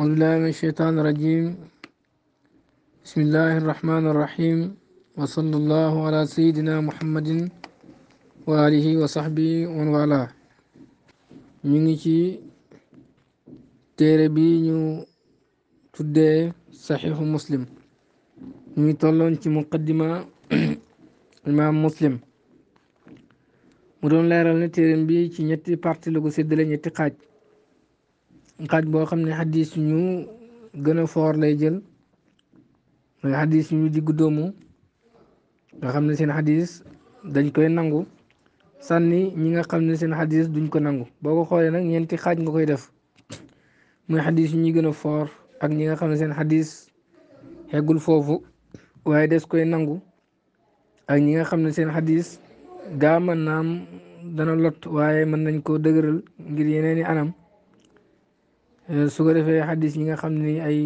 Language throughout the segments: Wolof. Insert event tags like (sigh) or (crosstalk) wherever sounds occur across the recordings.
أعوذ بالله من الشيطان الرجيم بسم الله الرحمن الرحيم وصلى الله على سيدنا محمد وآله وصحبه ومن والاه نيجي تيري بي نيو تودي صحيح مسلم نيجي تولون تي مقدمه الامام مسلم مودون ليرال ني تيرم بي تي نيتي بارتي لوغو سيدل نيتي خاج xaaj boo xam ne xadis ñu gën a foor lay jël mooy xadis diggu doomu nga xam ne seen xadis dañ koy nangu sànni ñi nga xam ne seen xadis duñ ko nangu boo ko xoolee nag ñeenti xaaj nga koy def muy xadis ñu gën a foor ak ñi nga xam ne seen xadis xeggul foofu waaye des koy nangu ak ñi nga xam ne seen xadis gaa mën naam dana lot waaye mën nañ koo dëgëral ngir yeneeni anam Eh, su ko defee xadis ñi nga xam ne ay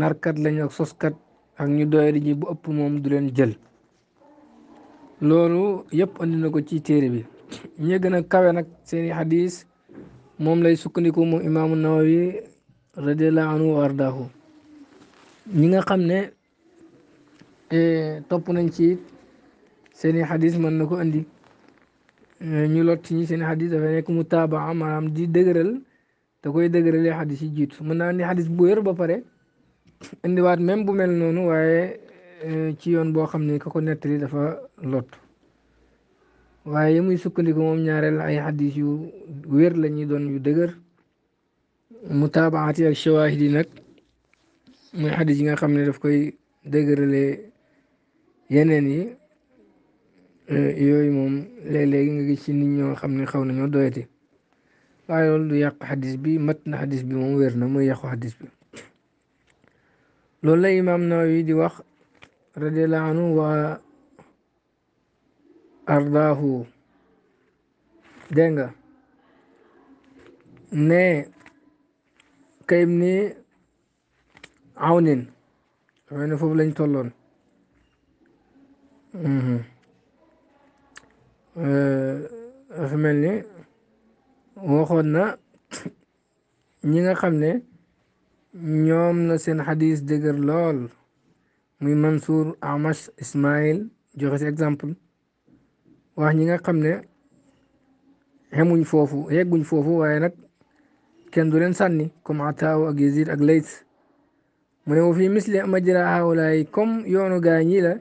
narkat lañu ak soskat ak ñu doyadi ñi bu ëpp moom du leen jël loolu yëpp andi na ko ci téere bi ñi gën a kawe nag seeni xadis moom lay sukkandiku mu imaamu nawawi radiallahu anhu wa ardaahu ñi nga xam ne eh, topp nañ ci seeni xadis mën na ko andi eh, ñu lot ci ñi seeni xadis dafay nekk mu taabaa maanaam di dëgëral da koy dëgërale xadis yi jiitu mën naa andi xadis bu wér ba pare indiwaat même bu mel noonu waaye euh, ci yoon boo xam ne ka ko nettali dafa lot waaye muy sukkandiku moom ñaareel ay xadis yu wér la doon yu dëgër mutaabaat yi ak shawaahid yi nag muy xadis yi nga xam ne daf koy dëgërale yeneen yi euh, yooyu moom léeg-léegi nga gis ci nit ñoo xam ne xaw nañoo doyati ايو ياق حديث بي متن حديث بي مو ويرنا مو ياخو حديث بي لولا امام نووي دي واخ رضي الله عنه و ارضاه دنگا ني كيمني عونين وين فوب لنج تولون اها اه فهمني اه waxoon na ñi nga xam ne ñoom la seen xadis dëgër lool muy Mansour Amash Ismail joxe si exemple wax ñi nga xam ne xemuñ foofu yegguñ foofu waaye nag kenn du leen sànni comme Ataaw ak Yazid ak Layt mu ne wa fii misli majra haawlaay comme yoonu gaa ñi la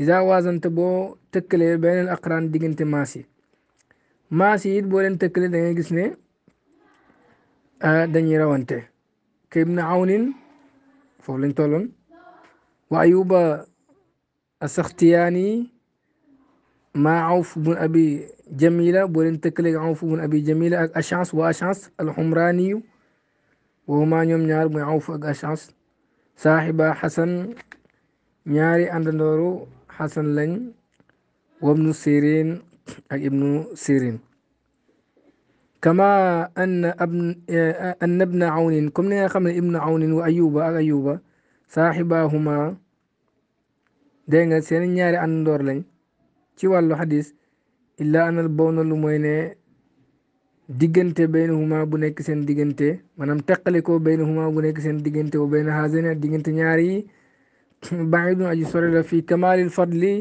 isa waazante boo tëkkalee beneen aqraan diggante maas yi maas yi it boo leen tëkkale da ngay gis ne ah, dañuy rawante ke ibnu awnin foofu lañ tolloon wa ma asaxtiyaani maa awf bun abi jamila boo leen tëkkale awf bun abi jamila ak achance wa achance alxumraaniyu woomaa ñoom ñaar muy awf ak achance saaxiba xasan ñaari àndandooru xasan lañ wabnu sirin ak ibnu sirin kama anna anna ibna awnin comme ni nga xam ne ibnu awnin wa ayuba ak ayuba saaxibaahuma dégg nga seen an àndoor lañ ci wàllu xadis illaa anal bow na lu mooy ne diggante baynahuma bu nekk seen diggante maanaam teqalikoo baynahuma bu nekk seen diggante wa bayna haasani diggante ñaari yi (coughs) baidun aji sore la fii kamaalil fadli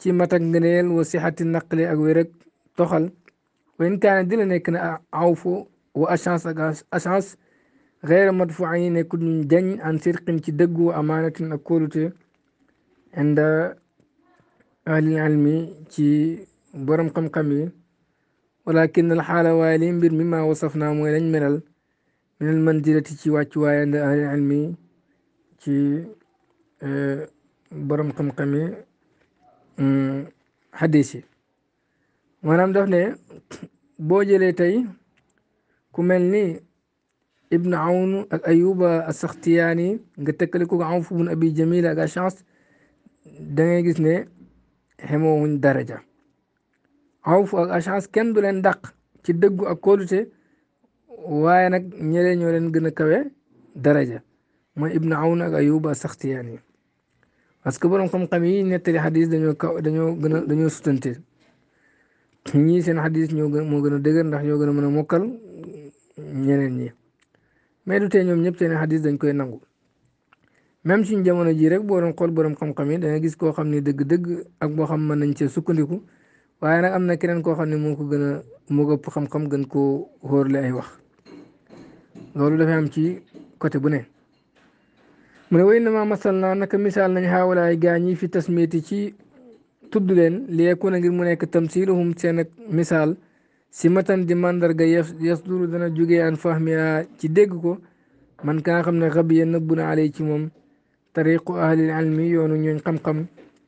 ci mat ngëneel wa sixati naqli ak wér ak toxal wa in kaana dila la nekk na awfu wa achance ak achance xeera madfuan yi nekkul ñu jañ an sirqin ci dëggu wa amaanatin ak kóolute inda ahlil ilmi ci borom xam-xam yi walakin al xaala waaye li mbir mi ma wasaf naa mooy lañ meral min al manzilati ci wàccu waaye inda ahlil ilmi ci borom xam-xam yi xadis yi maanaam daf boo jëlee tey ku mel ni ibnu awn ak ayuba asaxtiyaani nga tëkkale ko awf bun abi jamil ak achance da ngay gis ne xemoowuñ daraja awf ak achance kenn du leen dàq ci dëggu ak kóolute waaye nag ñëlee ñoo leen gën a kawe daraja mooy ibnu awn ak ayuba asaxtiyaani parce que borom xam-xam yi nettali xadis dañoo kaw dañoo gën a dañoo sutante ñii seen xadis ñoo gën moo gën a dëgër ndax ñoo gën a mën a mokkal ñeneen ñi mais du tee ñoom ñëpp seen xadis dañ koy nangu même suñ jamono jii rek boo doon xool borom xam yi da nga gis koo xam ni dëgg-dëgg ak boo xam mën nañ cee sukkandiku waaye nag am na keneen koo xam ne moo ko gën a moo ko ëpp gën koo xóorle ay wax loolu dafay am ci côté bu ne. mu ne way na ma masal naa naka misaal nañ xaawalaay gaa ñi fi tasmiti ci tudd leen li yekku na ngir mu nekk tamsiluhum seen ak misaal si matan di mandarga yas duru dana jógee an fahmiha ci dégg ko man ka nga xam ne xabiya bu na alay ci moom tariqu ahlil ilmi yoonu ñooñ xam-xam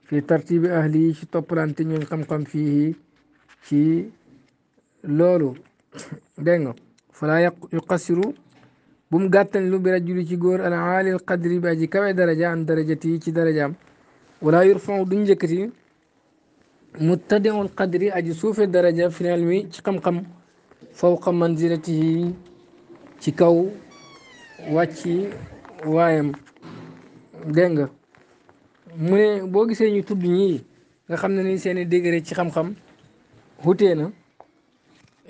fi tartibi ahli yi ci toppalante ñooñ xam-xam fii ci loolu dégg nga falaa yuqassiru bu mu lu bi rajuli ci góor al aalil qadri bi aji kawe daraja an darajati ci darajaam wala yurfau duñ njëkkati muttadiul qadri aji suufe daraja final mi ci xam-xam fawqa manzilatihi ci kaw wàcci waayam dégg nga mu ne boo gisee ñu tudd ñii nga xam ne ni seeni degré ci xam-xam xutee na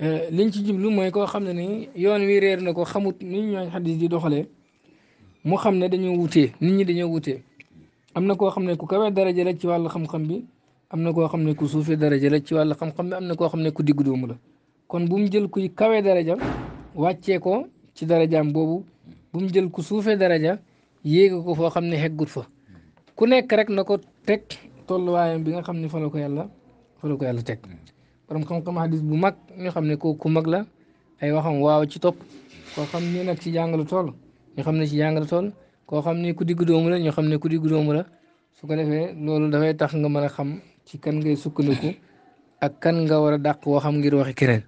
Eh, liñ ci jublu mooy koo xam ne ni yoon wi reer na ko xamut ni ñooñ xadis di doxalee mu xam ne dañoo wutee nit ñi dañoo wutee am na koo xam ne ku kawee daraja la ci wàllu xam-xam bi am na koo xam ne ku suufee daraja la ci wàllu xam-xam am na koo xam ne ku diggu doomu la kon bu mu jël kuy kawee daraja wàccee ko ci darajaam boobu bu mu jël ku suufee daraja yéega ko foo xam ne xeggut fa ku nekk rek na ko teg tolluwaayam bi nga xam ne fa la ko yàlla fa la ko yàlla teg borom xam-xam hadis bu mag ñu xam ne kooku ku mag la ay waxam waaw ci topp koo xam ne nag ci jàng la toll ñu xam ne ci jàng la toll koo xam ne ku digg doomu la ñu xam ne ku digg doomu la su ko defee loolu dafay tax nga mën a xam ci kan ngay sukkandiku ak kan nga war a dàq waxam ngir waxi keneen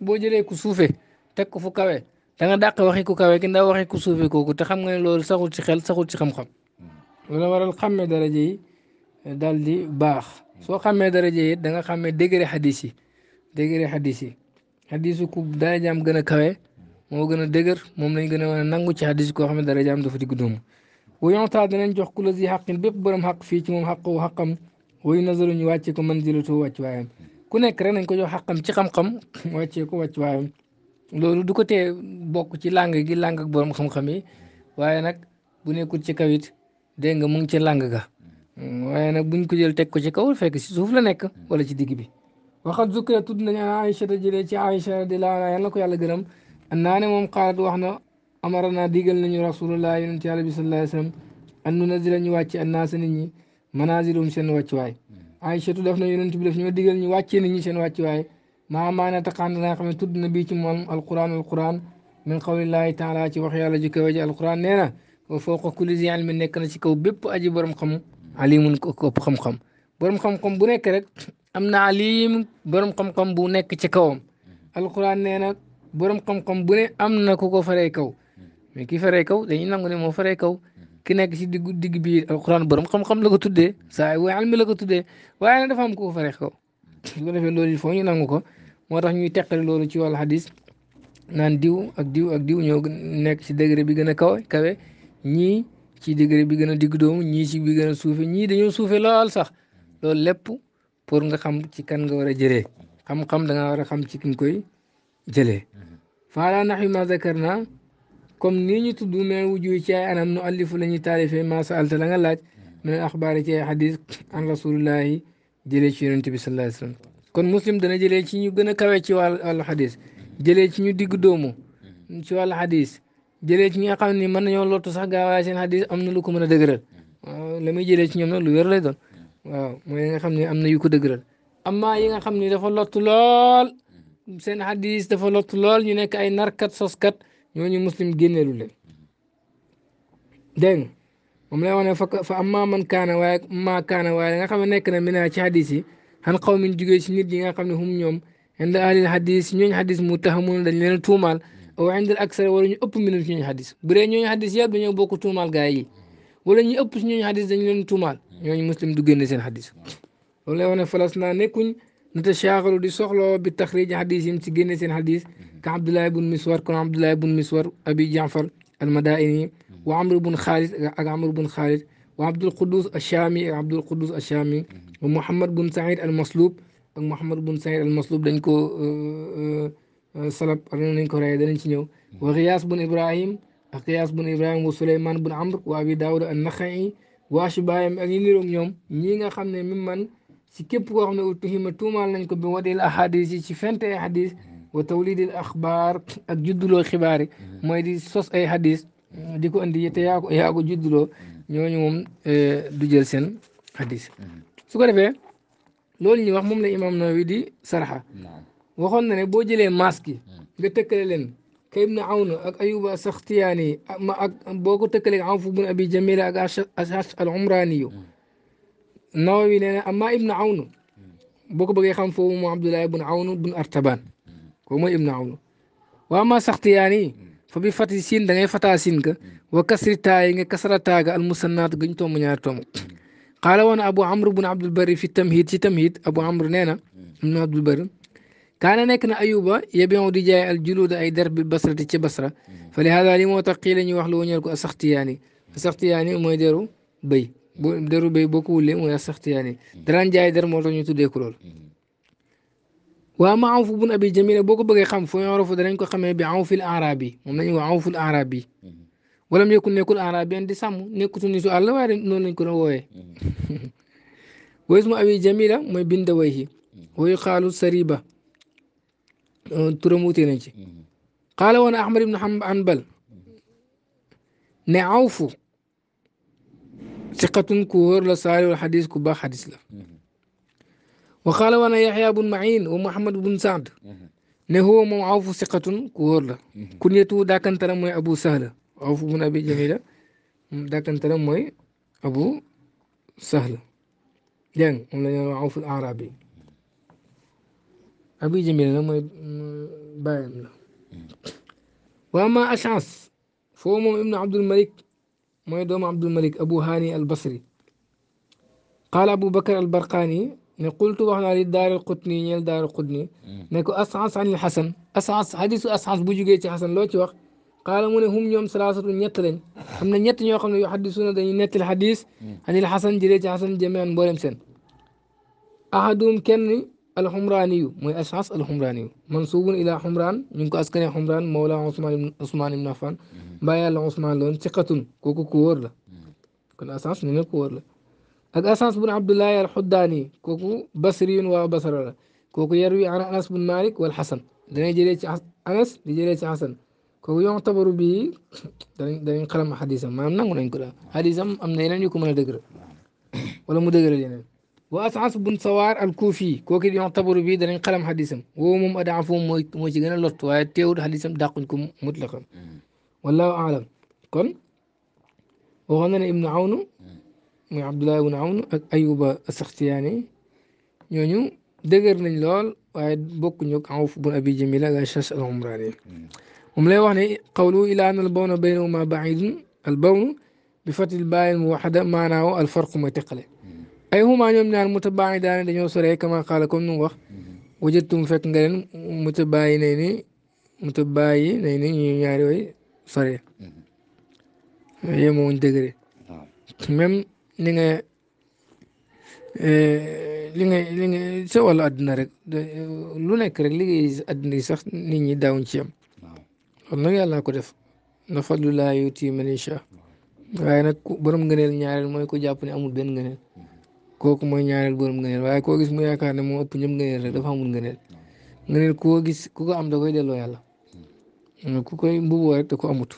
boo jëlee ku suufee teg ko fu kawe da nga dàq waxi ku kawe ki ndax waxi ku suufee kooku te xam nga ne loolu saxul ci xel saxul ci xam-xam loolu waral xàmmee daraja yi daal di baax soo xàmmee daraja yi da nga xàmmee degré hadis yi. dégëree xadis yi xadis ku darajaam gën a kawe moo gën a dëgër moom lañ gën a mën nangu ci xadis koo xam ne darajaam dafa digg doomu wayontaa danañ jox ku la si xaqin bépp borom xaq fii ci moom xaqu xaqam wuyu nazaru ñu wàccee ko manzilatoo wàcc waayam ku nekk rek nañ ko jox xaqam ci xam-xam wàccee ko wàcc waayam loolu du ko tee bokk ci làng gi làng ak borom xam-xam yi waaye nag bu nekkul ci kawit it nga mu ngi ci làng ga waaye nag buñ ko jël teg ko ci kaw fekk si suuf la nekk wala ci digg bi waxat zukira tudd nañu an Aïcha te jëlee ci Aïcha radiyallaahu anhaa yal na ko yàlla gërëm annaa ne moom xaalat wax na amara naa digal nañu rasulullah yonent yàlla bi sallallaahu alayhi wa sallam an nu nazila ñu wàcce annaasa nit ñi manaasilum seen wàccuwaay Aïcha tu def na yonent bi def ñoo digal ñu wàccee nit ñi seen wàccuwaay maa maana taqaan naa xam ne tudd na bii ci moom alquran alquran min qawlillaahi taala ci wax yàlla ji kawe ji alquran nee na wa fawqa kulli zi ilmin nekk na ci kaw bépp aji borom xam alimun ko ëpp xam-xam borom xam-xam bu nekk rek am na alim borom xam-xam bu nekk ci kawam alquran nee na borom xam-xam bu ne am na ku ko faree kaw mais ki faree kaw dañuy nangu ne moo faree kaw ki nekk ci diggu digg bi alquran borom xam-xam la ko tuddee saa waaye almi la ko tuddee waaye nag dafa am ku ko faree kaw su ko defee loolu il faut ñu nangu ko moo tax ñuy teqale loolu ci wàllu hadis naan diw ak diw ak diw ñoo nekk ci degré bi gën a kawe kawe ñii ci degré bi gën a digg doomu ñii ci bi gën a suufe ñii dañoo suufe lool sax loolu lépp pour nga xam ci kan nga war a jëlee xam-xam da nga war a xam ci ki koy jëlee faala nax yu ma zakar naa comme nii ñu tudd mais wuju ci ay anam nu allifu la ñuy taarifee ma saalta la nga laaj min axbaar ci ay xadis an rasulillahi jëlee ci yonente bi sallallahu alayhi wasallam kon muslim dana jëlee ci ñu gën a kawe ci wàllu xadis jëlee ci ñu digg doomu ci wàllu xadis jëlee ci ñi nga xam ne mën nañoo lottu sax gaawaay seen am na lu ko mën a dëgëral la muy jëlee ci ñoom nag lu wér lay doon waaw mooy yi nga xam ne am na yu ko dëgëral amma yi nga xam ne dafa lottu lool seen hadis dafa lottu lool ñu nekk ay narkat soskat ñooñu muslim génneelu leen dégg moom lay wax ne fa fa amma man kaana waaye ma kaana waaye nga xam ne nekk na mina ci hadis yi xan xaw min jugee ci nit yi nga xam ne hum ñoom inda ahlil hadis ñooñu hadis mu taxamoon dañ leen tuumaal aw indal aksar wala ñu ëpp minute ñooñu hadis bu dee ñooñu hadis yëpp dañoo bokk tuumaal gaa yi wala ñi ëpp si ñooñu xadis dañu leen ñu ñooñu muslim du génne seen xadis loolu lay wane falas naa nekkuñ nata shaaxalu di soxloo bi taxrij xadis yi ci génne seen xadis ka abdullahi bun miswar kon abdullahi bun miswar abi jaafar almadaini wa amr bun xaalid ak amr bun xaalid wa abdul qudus alchaami ak abdul qudus alchaami wa muhammad bun al almaslub ak muhammad bun saïd almaslub dañ ko euh, euh, euh, salab ar nañ ko rey danañ ci ñëw Akiyas bun Ibrahim wa Suleymaan bun Amr wa Abi Daawud an-Naxa'i waa Shibaayam ak ñi niroog ñoom ñi nga xam ne mi man si képp koo xam ne utuhima tuumaal nañ ko bi wadil ahadis yi ci fente ay hadis wa tawlidil axbaar ak judduloo xibaar yi mooy di sos ay hadis di ko andi te yaa ko yaa ko judduloo ñooñu moom du jël seen hadis su ko defee loolu ñuy wax moom la imaam Nawawi di sarxa waxoon na ne boo jëlee masque yi nga tëkkale leen ka ibn awn ak ayuba saxtiyaani ak boo ko tëkkalee am fu bun abi jamila ak ashas al umraani yu nawawi nee amma ibn awn boo ko bëggee xam foofu moom abdullahi bun awn bun artaban koo mooy ibn awn wa amma saxtiyaani fa bi fati siin da ay fataa siin ka wa kasri taayi nga kasra taaga al musannaat gañ tomb ñaari tomb qaala woon abu amr bun abdul fi tamhid ci tamhid abu amr nee na ibn كان نكنا أيوبا يبيعوا رجاي الجلود أي درب البصرة تشي بصرة فلهذا لي مو تقيل أن يوحلو أن يلقوا أسختياني أسختياني وما يديروا بي يديروا بي بوكو اللي مو أسختياني دران جاي در موتو نيتو ديكرول وما عوف بن أبي جميل بوكو بغي خم فو يعرف دران كو خمي بعوف الأعرابي ومن يعوف الأعرابي ولم يكن نيكو الأعرابي عندي سامو نيكو تنيسو الله واري نون نيكو نووي (laughs) واسم أبي جميل مو بندويه ويقال سريبه turam wutee nañ ci qaala woon Ahmad ibn Hanbal ne awfu siqatun ku wóor la saaliwul xadis ku baax xadis la wa qaala woon Yaxya bun Maïn wa Muhammad bun Saad ne huwa moom awfu siqatun ku wóor la kunyatu dàkkantaram mooy Abu Sahla awfu bun Abi Jamila dàkkantaram mooy Abu Sahla dégg moom la ñu wax awfu al-Arabi abi jamil nag mooy bàyyam la waa ma achance foo moom ibnu abdul malik mooy doomu abdul malik abu hani al basri qaala abu bakar al barqani ne qultu wax naa li daaral qutni ñeel daaral qutni ne ko asxas anil xasan asxas hadisu asxas bu jugee ci xasan loo ci wax qaala mu ne hum ñoom salaasatu ñett lañ xam ne ñett ñoo xam ne yu xaddisuuna dañuy nettal xadis anil xasan jëlee ci xasan jamian mboolem seen ahadum kenn alxumraani yu mooy ashas alxumraani yu mansuubun ilaa xumraan ñu ngi ko askanee xumraan mawla Ousmane Ousmane ibn Affan mbaa yàlla Ousmane la woon siqatun kooku ku wóor la kon ashas ñu ne ku wóor la ak ashas bun Abdullahi alxuddaani kooku basriyun waa basara la kooku yarwi an anas bun malik wal xasan danay jëlee ci anas di jëlee ci xasan kooku yoon tabaru bii danañ danañ xalam xadisam maanaam nangu nañ ko daal xadisam am na yeneen yu ko mën a dëgëral wala mu dëgëral yeneen وأسعس bun sawaar al kuufi kooku it yuctabaru bii danañ xalam xadisam woo moom adaafu mooy moo ci gën a lot waaye teewul xadisam dàquñ ko mutlaqan wallahu aalam kon waxoon na ne ibnu awnu muy abdullah ibnu awnu ak ayuba saxtiyaani ñooñu dëgër nañ lool waaye bokkuñu ak awf bun abi jamila ak ashas al umraani moom lay wax ne qawlu ilaa an al bawna baynahuma baidun al bawnu bi fatil baayin muwaxada maanaawo al farqu mooy teqale ay xumaa ñoom ñaar mutabaayidaan dañoo sore kama xaala comme nu mu wax mm-hmm. wajatum fekk nga leen mutabaayi nay ni mutabaayi nay ni ñu ñaari way sore mm-hmm. yemoo wuñ degré même ni nga eh, li nga li nga sa rek lu nekk rek liggéey àddina yi sax ni ñi daawuñ ci am loolu nag yàlla ko def na fadlu laa yuti man insha waaye nag borom ngëneel ñaareel mooy ko jàpp ne amul benn ngëneel mm-hmm. kooku mooy ñaareel borom ngëneel waye ko gis mu yaakaar ne moo ëpp ñëpp ngëneel rek dafa amul ngëneel ngëneel ko gis ku ko am da koy delo yàlla ku koy mbubu rek da ko amut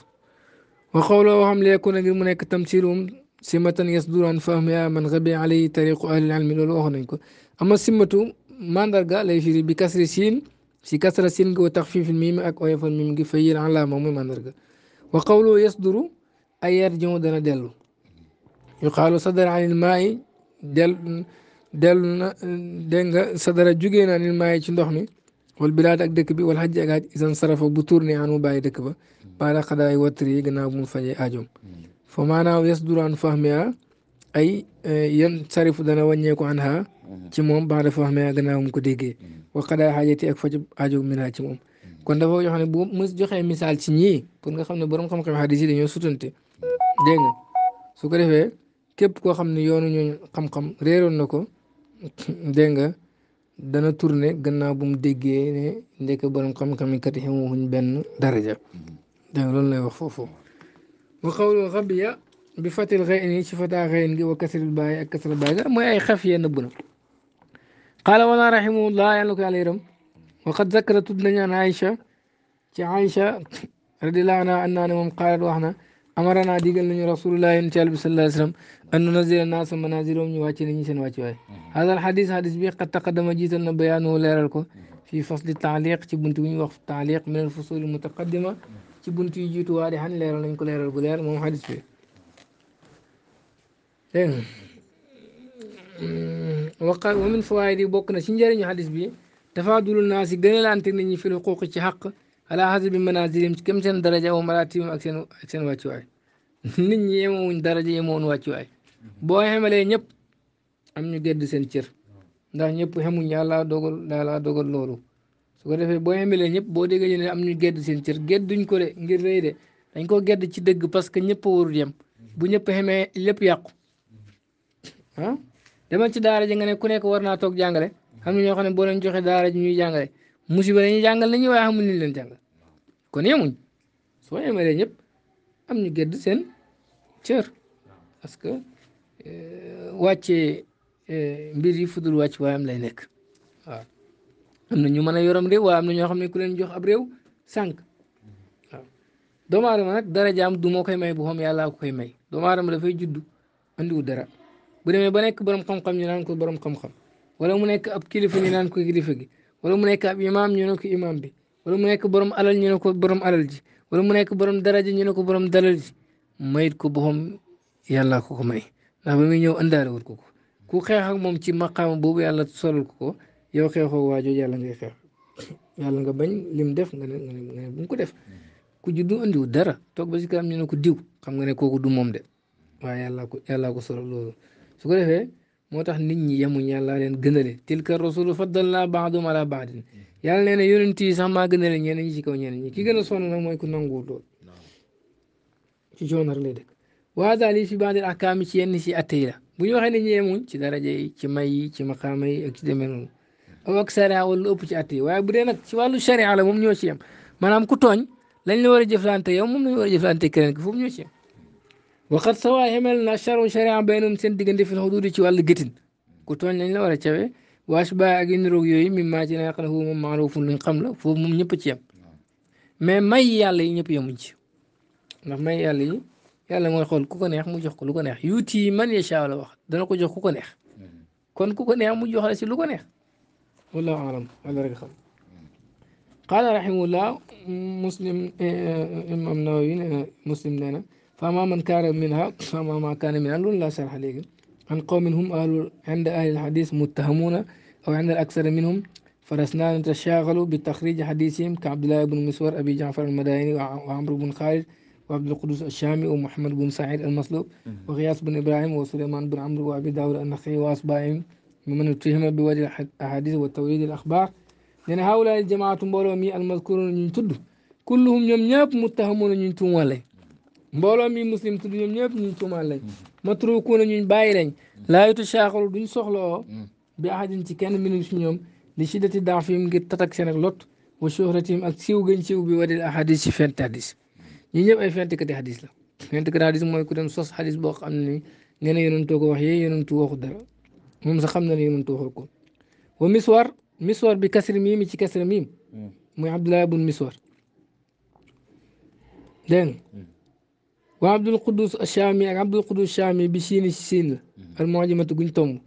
wa xawloo waxam leeku na ngir mu nek tamsilum simatan yasduran fahm ya man ghabi alayhi tariq ahli al-ilm loolu wax nañ ko amma simatu mandar ga lay firi bi kasri sin si kasra sin go takhfif taxfiif miim ak oyofal mim gi fayil ala mom mandar ga wa qawlu yasduru ay yarjiu dana yuqalu yuqaalu sadara al-ma'i del dellu na dégg nga sa dara jugee naa ni maaye ci ndox mi wal bilaad ak dëkk bi wal xajji ak aaj isan sarafa bu tourné anu bàyyi dëkk ba baada xadaay wattri yi gannaaw bu mu fajee aajoom fa maanaam yes duraan fahmiha ay eh, yan sarifu dana wàññeeku an ha ci moom baada fahmiha gannaaw mu ko déggee wa xadaay xaajati ak faju aajoom minaa ci moom kon dafa yoo xam ne bu mu joxee misaal ci ñii pour nga xam ne borom xam-xam xadis yi dañoo sutante dégg su ko képp koo xam ne yoonu ñooñu xam-xam réeroon na ko dégg nga dana tourné gannaaw bu mu déggee ne ndekk borom xam-xam yi kat xamuñ benn daraja dégg nga loolu lay foofu wa xawlu xabiya bi fatil xëy ni ci fataa xëy ngi wa kasril baay ak kasril baay mooy ay xaf yee nëbb na qaala wala rahimahullah yàlla ko yàlla yërëm wa qad zakara tudd nañu an ci Aïcha radiyallahu anha anna ne moom qaalat wax na amarana digal nañu rasulullah in ci àl bi sallallahu alayhi wa sallam an nunazila naasa manazilahum ñu wàcce nañu seen wàcc waay hadal xadis xadis bi qad taqaddama jiital na bayaanu leeral ko fii fasli taaliq ci bunt bu ñuy wax taaliq min al fusul mutaqaddima ci bunt yu jiitu waa di xan leeral nañ ko leeral bu leer moom xadis bi dégg waqa wa min fawaayid yi bokk na ci njëriñu xadis bi dafa dulu naa si gën a laante nit ñi fi lu xuuq ci xaq ala xasibi manazirim ci kem seen daraja wa maratibim ak seen ak seen wàccuwaay nit ñi yemewuñ daraja yemewoon wàccuwaay boo xemalee ñëpp am ñu gedd seen cër ndax ñëpp xemuñ yàlla dogal yàlla dogal loolu su ko defee boo xemalee ñëpp boo déggee ñu am ñu gedd seen cir gedduñ ko de ngir rëy de dañ ko gedd ci dëgg parce que ñëpp warul yem bu ñëpp xemee lépp yàqu ah demal ci daara ji nga ne ku nekk war naa toog jàngale xam na ñoo xam ne boo leen joxe daara ji ñuy jàngale musiba dañuy jàngal nañu waaye xamuñ liñ leen jàngal kon yemuñ soo yemalee ñëpp am ñu gëdd seen cër parce que euh, wàccee euh, mbir yi fudul wàcc waaye am lay nekk waaw am na ñu mën a yorom réew waa am na ñoo xam ne ku leen jox ab réew sànq waaw doomu nag dara jaam du moo koy may bu xam yàlla ko koy may doomu aadama dafay juddu wu dara bu demee ba nekk borom xam-xam ñu naan ko borom xam-xam wala mu nekk ab kilifa ñu naan ko kilifa gi. wala mu nekk ab imaam ñu ne ko imaam mu nekk borom alal ñu ko borom alal ji wala mu nekk borom daraja ñu ne ko borom dalal mayit ko boppam yàlla ko ko may ndax ba muy ñëw andaale wut ko ko ku xeex ak moom ci maqaama boobu yàlla solal ko ko yow xeexoo waajoo yàlla ngay xeex (coughs) yàlla nga bañ lim def nga ne nga ko def ku juddu andiwul dara toog ba si kanam ñu ne ko diw xam nga ne kooku du moom de waaye yàlla ko yàlla ko solal loolu ko defee. moo tax nit ñi yemuñ yàlla leen gënale tilka rasulu faddalna baadum ala baadin yàlla nee na yonent yi sax maa gënale ñeneen ñi ci kaw ñeneen ñi ki gën a na nag mooy ku nanguwul lool ci joonar lay dëkk waa daal yi fi baadil akaam ci yenn ci atte la bu ñu waxee ne ñu yemuñ ci daraja yi ci may yi ci maqaama yi ak ci demee noonu aw ak sariya wala lu ëpp ci atte yi waaye bu dee nag ci wàllu sariya la moom ñoo ci yem maanaam ku tooñ lañ la war a jëflante yow moom lañ war a jëflante ki foofu ñoo ci وقد سوى همل نشر شريعة بينهم سن دقن في الحدود شوال لقتن كتوان لنا نعم، ولا شوي واشباع اغن رغيوي مما جنا يقل هو معروف من قمل فهو من يبت يم ما ما يالي نيب يوم نجي ما يالي يالي مو يقول كوكو نيخ مو جوخ لوكو نيخ يوتي من يشاء الله وقت دانا كو جوخ كوكو نيخ كون كوكو نيخ مو جوخ لسي لوكو نيخ والله أعلم على رجل خلق قال رحمه الله مسلم إمام نووي مسلم لنا فما من كان منها فما ما كان من أهل لا شرح لك عن قوم هم أهل عند أهل الحديث متهمون أو عند الأكثر منهم فرسنا نتشاغل بتخريج حديثهم كعبد الله بن مسور أبي جعفر المدائني وعمرو بن خالد وعبد القدوس الشامي ومحمد بن سعيد المصلوب وغياث بن إبراهيم وسليمان بن عمرو وأبي داود النخي وأصبائهم ممن اتهم بوجه الأحاديث وتوريد الأخبار لأن هؤلاء الجماعة بولومي المذكورون ينتدوا كلهم يم متهمون ينتون ولي mbolo mi muslim tuddu ñom ñëpp ñu tumal lañ matrukuuna ñuñ bayi lañ la yutu shaaxalu duñ soxlo bi ahadin ci kenn minum ci ñom li shiddati dafim ngir tatak sen ak lot wa shuhratim ak siiw gën siiw bi wadil ahadith ci fen tadis ñi ñëpp ay fen fentkati hadith la fen fentkati hadith moy ku dem sos hadith bo xamni ne nee to ko wax ye yee to waxu dara moom sa xamna na to yonentu ko wa miswar miswar bi kasri mim ci kasri mim moy abdullah ibn miswar dégg وعبد القدوس الشامي يعني عبد القدوس الشامي بشين السين المعجمة تقول توم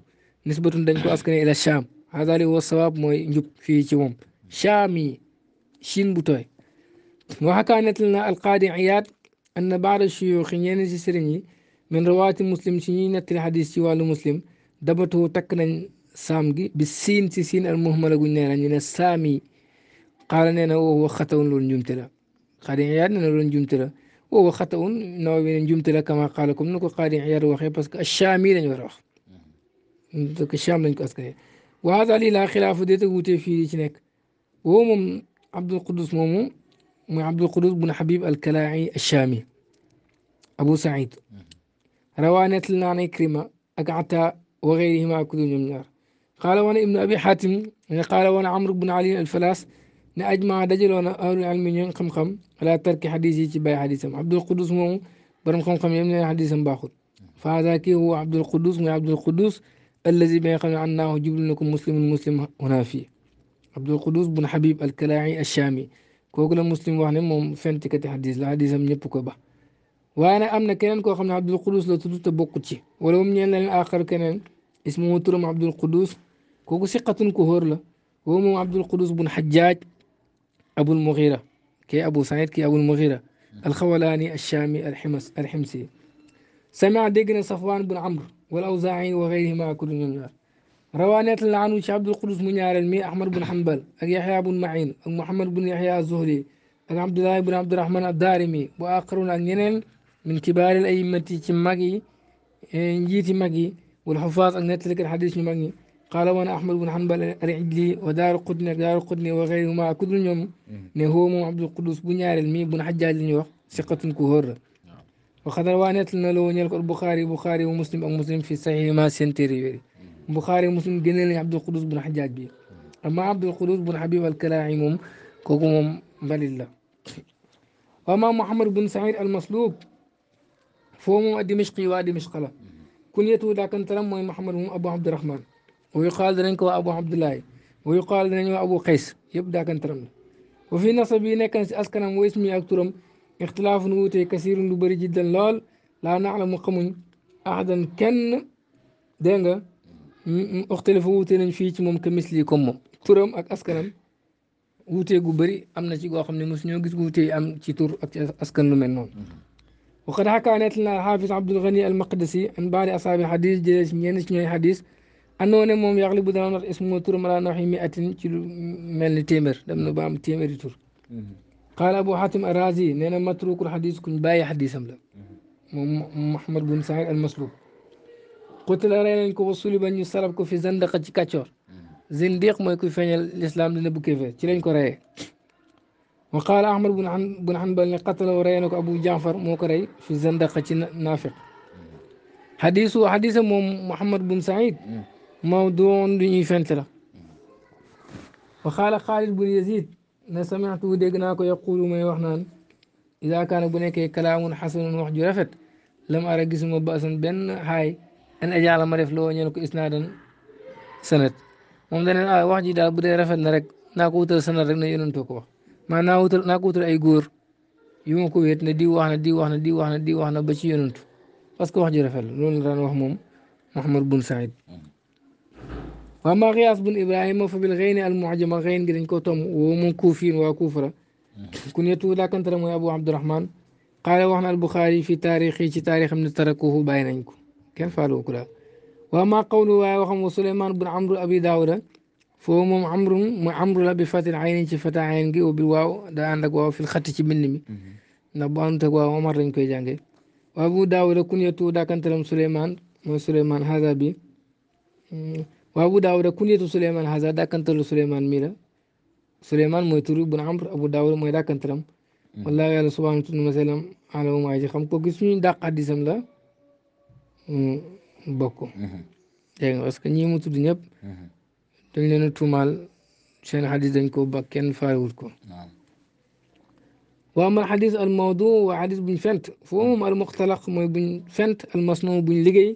نسبة دنكو أسكن إلى الشام هذا هو الصواب ما ينجب في جوم شامي شين بوتوي وحكانت لنا القاضي عياد أن بعض الشيوخ ينسي سرني من رواة مسلم شنين الحديث شوال مسلم دبته تكنا سامجي بالسين سين المهملة قلنا لنا سامي قال لنا وهو خطأ لون جمتلا قاضي عياد لون جمتلا وهو خطا نو جمت لك كما قالكم نكو قال عيار وخي باسكو الشامي لن يروح دوك الشام لن كاسكي وهذا لي لا خلاف ديت ووتي في ديت نيك ومم عبد القدس مومو مي عبد القدس بن حبيب الكلاعي الشامي ابو سعيد روانت لنا عن كريمة اكعتا وغيرهما كل من النار قال وانا ابن ابي حاتم قال وانا عمرو بن علي الفلاس نأجمع دجل وانا اهل العلم خم خم ala tarki xadis yi ci bàyyi xadisam abdul qudus moomu borom xam-xam yam ne xadisam baaxul faada kii huwa abdul qudus mooy abdul qudus allazi bi nga xam ne an naahu jublu na ko muslimun muslim huna fii abdul qudus bun habib alkalaa'i alchaami kooku la muslim wax ne moom fentikati xadis la xadisam ñëpp ko ba waaye nag am na keneen koo xam ne abdul qudus la tudd te bokkut ci wala moom ñeen la leen aaxar keneen ismuhu turam abdul qudus kooku siqatun ku hóor la woo moom abdul qudus bun xajjaaj abul muxira كي أبو سعيد كي أبو المغيرة الخولاني الشامي الحمص الحمصي سمع دقن صفوان بن عمرو والأوزاعي وغيرهما كل من النار روانات العنو عبد القدس من يار المي أحمد بن حنبل يحيى بن معين محمد بن يحيى الزهري عبد الله بن عبد الرحمن الدارمي وآخرون أن من كبار الأئمة تيجي ماجي إيه، نجيتي ماجي والحفاظ أن نتلك الحديث ماجي قال وانا احمد بن حنبل العجلي ودار قدني دار قدني وغيرهما كل يوم نهو عبد القدوس بن يار المي بن حجاج نيوخ ثقة كهر نعم. وقد روانيت لنا لو نيلك البخاري بخاري ومسلم أو مسلم في صحيح ما سنتيري بخاري ومسلم جنين عبد القدوس بن حجاج بي أما عبد القدوس بن حبيب الكلاعي مم كوكوم بل الله وما محمد بن سعيد المصلوب فهو مم الدمشقي وادمشق له كنيته ذاك انترم محمد بن أبو عبد الرحمن ويقال danañ ko waa abu abdullahi wa yuqaal danañ waa abu qays yëpp daakantaram la wa fi nasab yi nekk na si askanam wa ismi ak turam ixtilaafun wuute kasirun lu bëri jiddan lool laa naalamu xamuñ axdan kenn dégg nga uxtalifu wuute nañ fii ci moom ka misli comme moom turam ak askanam wuute gu bëri am na ci goo xam ne mos ñoo gis wuute am ci tur ak ci askan lu mel noonu waqad xakaa nettal naa xaafis abdul gani al maqdisi an baari asaabi xadis jëlee si ñenn si ñooy xadis andoo ne moom yaxli bu dana not ismu turam ala naxwi mi atin ci lu mel ni téeméer dem na ba am téeméeri tur qaala abu xatim arazi nee na matrukul xadis kuñ bàyyi xadisam la moom muhammad bun saïd al maslub qutila rey nañ ko wa suliba ñu salab ko fi zandaqa ci kàccoor zindiq mooy kuy feeñal lislaam dina bu kéefeer ci lañ ko reyee wa qaala ahmad bun hanbal ne qatala wa rey na ko abu jaafar moo ko rey fi zandaqa ci naafiq xadisu xadisa moom muhammad bun saïd mawduun du ñuy fent la wa xaala Xaalid bun Yazid ne sami'tu dégg naa ko yaqulu may wax naan idaa kaana bu nekkee kalaamun xasanun wax ju rafet lam ara gisuma baasan benn xaay an ajaala ma def loo ñeen ko isnaadan sanad moom daneen ah wax ji daal bu dee rafet na rek naa ko wutal sanad rek na yonentoo ko wax maa naa wutal naa ko wutal ay góor yu ma ko wéet ne di wax na di wax na di wax na di wax na ba ci yonentu parce que wax ju rafet la loolu la daan wax moom Mouhamed Boun Saïd wa amma Giyaas bun Ibrahima fa bil xëy na al muhajama xëy gi dañ koo waa kuufa kunyatu daakantara mooy Abu Abdurahman qaala wax na al fi taarix yi ci taarix am ne tarakuhu bàyyi nañ ko kenn faalu ko daal wa amma qawlu waaye waxam wa Souleymane bun Amru Abi Daawuda foo moom amrum mu amru la bi fatil aynin ci fata ayn gi ubbi waaw daa ci mbind mi ndax bu àndut ak waaw Omar dañ koy jàngee wa Abu Daawuda kunyatu daakantaram Souleymane mooy Souleymane hada وابو داود كنية سليمان هذا دا كنتر سليمان ميرا سليمان ميتوري بن عمرو ابو داود ميرا كنترم والله يعلم سبحانه وتعالى مثلا على ما يجي خم كو كسمي دا قديسم لا بكو دين بس كني مو تدين يب دين تومال شن حديث دين كو بكن فاول كو نعم. واما الحديث الموضوع وحديث بن فنت فهم المختلق بن فنت المصنوع بن لجي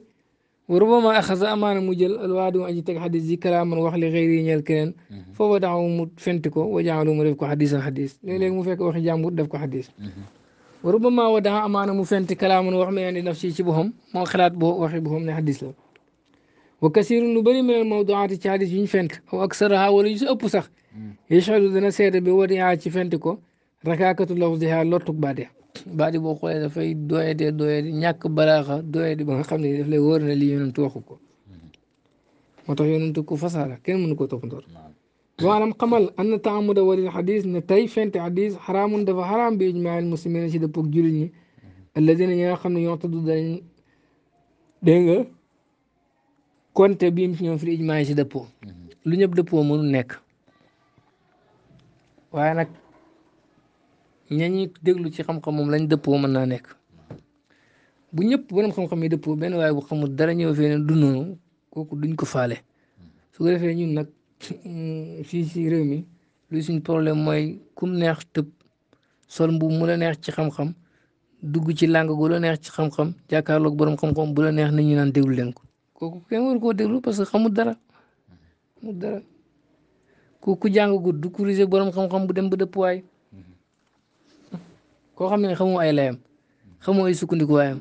وربما أخذ امان مجل الواد أن يتك حديث ذي من وخ لغيره ينال كنن فودعه متفنتكو وجعلوا مرفكو حديثا حديث ليلك مفك وخ جام ودفكو حديث وربما ودعه أمانة مفنت كلام وخ يعني نفسي شبهم ما خلات به وخ بهم حديث له وكثير نبري من الموضوعات حديث ينفنت أو أكثرها ولا يجوز أبو صح يشعر ذنا سيد بودعه فنتكو ركاكة لفظها لا تقبادها baat boo boo xoolee dafay doyatee doyati ñàkk baraaxa doyati ba nga xam ne daf lay wóor ne lii yonent waxu ko moo tax yonent ku fasaala kenn mënu ko toppandoor waalam xamal an na taamuda walil xadis na tey fente xadis xaraamun dafa xaraam bi ijmail muslimina si dëppog jullit ñi alladina ñi nga xam ne ñoo tudd dañ dégg nga konte biim ci ñoom fi ijmaa yi si dëppoo mhm. lu nekk ñañu déglu ci xam-xam moom lañ dëppoo mën naa nekk bu ñëpp borom xam-xam yi dëppoo benn waaye bu xamul dara ñëw fee du noonu kooku duñ ko faale su ko defee ñu nag mm, fii ci réew mi lu suñ problème mooy kum neex tëb sol mbu mu la neex ci xam-xam dugg ci làng gu la neex ci xam-xam jàkkaarloog borom xam-xam bu la neex nit ñi naan déglu leen ko kooku kenn waru koo déglu parce que xamul dara xamul dara ku ku jàngagul du corriger borom xam-xam bu dem ba dëppuwaay koo xam ne xamoo ay layam xamoo ay sukkandiku waayam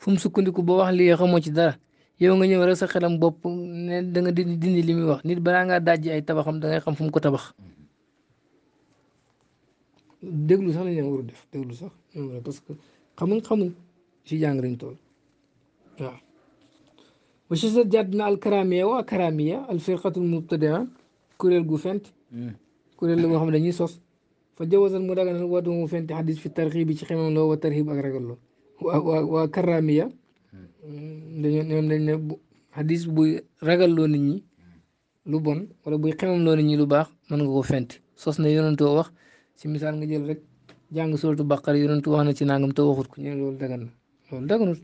fu mu sukkandiku boo wax lii xamoo ci dara yow nga ñëw rek sa xelam bopp ne da dindi li muy wax nit balaa ngaa dajji ay tabaxam da ngay xam fu mu ko tabax. déglu sax la ñu war a def déglu sax parce que xamuñ xamuñ si jàng lañ tool waaw. wa si sa jàdd na alkaramiya wa karamiya alfirqatul mubtadia kuréel gu fent. Hmm. kuréel la boo xam ne dañuy sos. fa jawazan mu daganal wadu mu fenti xadis fi tarxiib ci xemam loo wa tarxiib ak ragal loo waa waa waa karamiya mm, dañoo ñoom dañ ne xadis buy ragal loo na ñi lu bon wala buy xemam loo nit ñi lu baax mën nga ko fenti sos na yonantoo wax si misaal nga jël rek jàng suratu baqara yonantu wax na ci nangam te waxut ko ñu ne loolu dagan na loolu daganut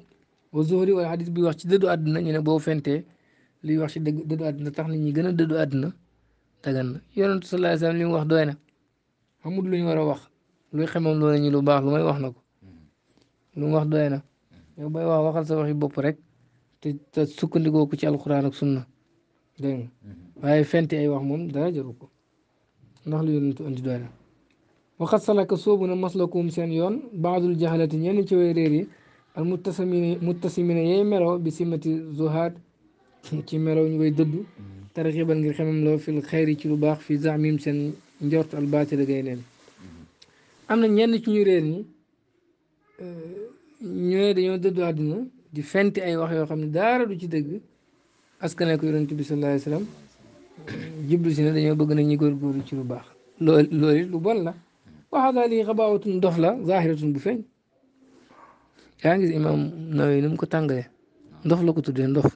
wa zuhri wala xadis buy wax ci dëddu àdduna ñu ne boo fentee liy wax ci dëgg dëddu tax nit ñi gën a dëddu àdduna dagan na yonantu sallallahu alayhi wa li mu wax doy na amul lu ñu war a wax luy xamam loo ñu lu baax lu may wax na ko lu wax doy na yow bay wax waxal sa waxi bopp rek te te sukkandikoo ko ci alquran ak sunna dégg nga waaye fenti ay wax moom dara jaru ko ndax lu yonentu andi doy na waxat salaka soobu na maslakum seen yoon baadul jahalati ñenn ci way réer yi al muttasimina muttasimina yey meraw bi simati zuhaad ci meraw ñu koy dëddu tarxiban ngir xamam loo fil xayri ci lu baax fi zaamim seen njort al baati la gay neen am na ñenn ci ñu réer ñi ñu ne dañoo dëddu àdduna di fenti ay wax yoo xam ne daara du ci dëgg askan ko yonent bi sallallahu alayhi wasallam jublu si ne dañoo bëgg nañu góorgóorlu ci lu baax loolu loolu lu bon la waxadaa lii xabaawatun dof la zaahiratun bu feeñ yaa ngi gis imaam Nawawi ni mu ko tàngalee ndof la ko tuddee ndof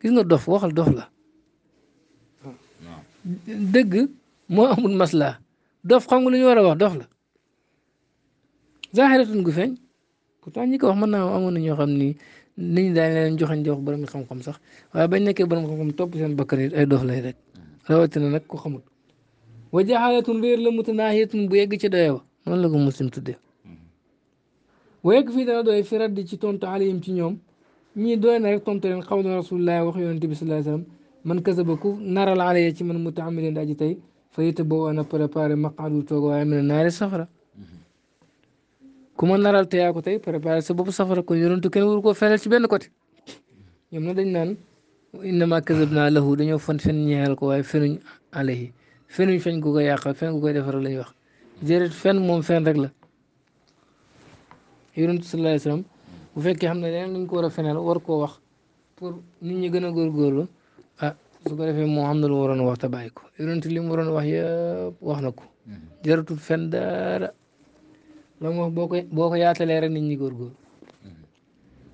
gis nga dof waxal dof la dëgg moo amul maslaa dof xam nga lu ñu war wax dof la zaahiratun gu feeñ pourtant ñi ko wax mën naa amoon na ñoo xam ni nit ñi daañu leen joxañ jox borom xam-xam sax waaye bañ nekkee borom xam-xam topp seen bakkan ay dof lay rek rawatina nag ko xamul wa jaxaalatun réer la mutanaahiyatun bu yegg ci doye wa noonu la ko muslim tuddee wa yegg fii dana doy fi raddi ci tontu alayhim ci ñoom ñii doy na rek tontu leen xaw na rasulullah wax yonente bi sallallahu alayhi wasallam man kasaba ku naral ci man mutaamidan aji tey fayita boobu na préparé maqaadu toogawaay mi ne naari safara ku ma naral te yaa ko tey préparé sa bopp safara ko yonentu kenn wuru koo fenal ci benn côté ñoom dañ naan innama kazabna lahu dañoo fan fen ñeexal ko waaye fenuñ alayhi fenuñ feñ gu koy yàqal fen gu koy defaral lañ wax fen moom fen rek la yonentu sallallahu alayhi wasallam bu fekkee xam ne leneen luñ ko war a fenal war koo wax pour nit ñi gën a góorgóorlu ah so mo hamdul warono wax ta bàyyi ko yonent li mu waroon wax yëpp wax na ko jaratul fen dara la mu wax boo ko boo ko yaatalee rek nit ñi góorgóor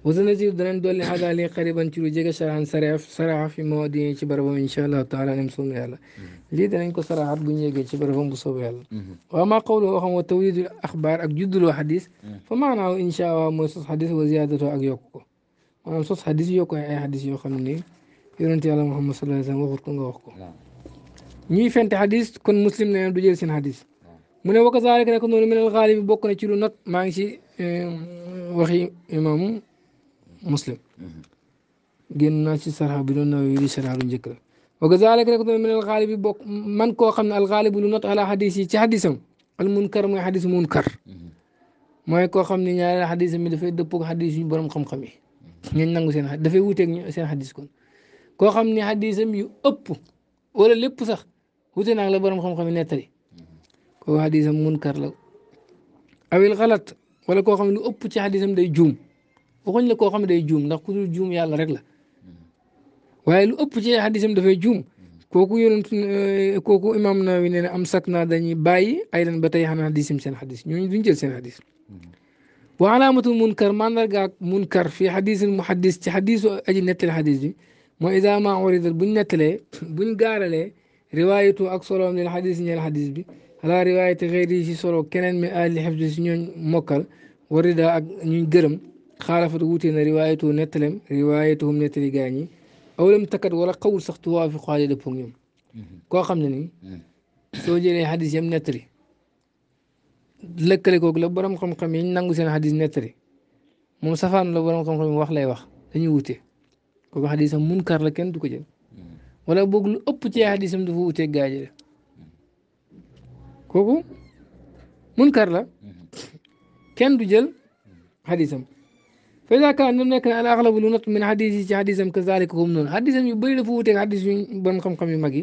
wasana si danañ dolli xadaa li xariban ci lu jege saraan saraf saraxa fi moo di ci barabam insha allah taala nem soob yàlla lii danañ ko saraxat bu ñu yeggee ci barabam bu soob yàlla waaw maa qawlu waxam wa tawlidul axbaar ak judduloo xadis fa maanaaw insha allah mooy sos xadis wa ziyadatoo ak yokk ko maanaam sos xadis yokk ay xadis yoo xam ne yonent yàlla Muhammad sallallahu alayhi wa sallam waxut ko nga wax ko ñiy fente xadis kon muslim nee na du jël seen xadis mu ne wa kazaalika nekk noonu minal xaali bi bokk na ci lu not maa ngi ci waxi imaamu muslim génn naa ci saraxa bi doon nawe di saraxa lu njëkk la wa kazaalika nekk noonu minal xaali bi bokk man koo xam ne alxaali bu lu not ala xadis yi ci xadisam al munkar mooy xadis munkar mooy koo xam ne ñaareel xadisam yi dafay dëppoo ak xadis yu borom xam-xam yi ñooñu nangu seen xadis dafay wuuteeg seen xadis kon koo xam ne xadisam yu ëpp wala lépp sax wute naag la borom xam-xam yi nettali koo xadisam munkar la awil xalat wala koo xam ne lu ëpp ci xadisam day juum waxuñ la koo xam ne day juum ndax ku dul juum yàlla rek la waaye lu ëpp ci xadisam dafay juum kooku yonent kooku imaam Nawawi nee na am sakk naa dañuy bàyyi ay lan ba tey xanaa xadisim seen xadis ñooñu duñ jël seen xadis wa alaamatul munkar mandargaak munkar fii xadisil muhaddis ci xadisu aji nettali xadis bi mooy isa ma uridat buñ nettalee buñ gaaralee riwaayatu ak soloom lil xadis ñeel xadis bi ala riwaayati xëyri si solo keneen mi ahli xifdi si ñooñ mokkal warida ak ñuñ gërëm xaalafat wuutee na riwaayatu nettalem riwaayatuhum nettali gaa ñi awlam takkat wala xawul sax tuwaa fi xaali dëppoog ñoom mm-hmm. koo xam ne nii mm-hmm. soo jëlee xadis yam nettali lëkkale koog la borom xam-xam yi nangu seen xadis nettali moom safaan la borom xam-xam wax lay wax dañuy wutee kooku xadisam munkar la kenn du ko jël hmm. wala boog lu ëpp ci xadisam dafa wuteeg gaa ji kooku munkar la kenn du jël xadisam fa idaa kaana nekk na al axlabu lu natt min xadis yi ci xadisam kazaalika comme noonu xadisam yu bëri dafa wuteeg xadis yu bon xam yu mag yi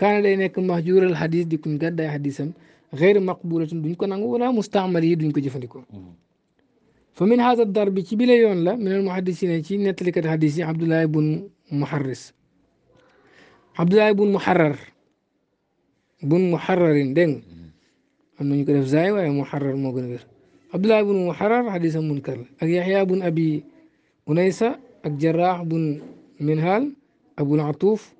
kaana day nekk mahjuural xadis di kuñ gàddaay xadisam xeer maqbulatin duñ ko nangu wala mustaamali yi duñ ko jëfandikoo. Hmm. fa min haada darbi ci bile yoon la min al muhaddisina ci nettalikat hadis yi Abdullahi bun Muharris Abdullahi bun Muharrar bun Muharrarin dégg hmm. am nañu ko def zaay waaye Muharrar moo gën a wér Abdullahi bun Muharrar hadisa munkar la ak Yaxya bun Abi Unaysa ak Jarraax bun Minhaal Abul Atuuf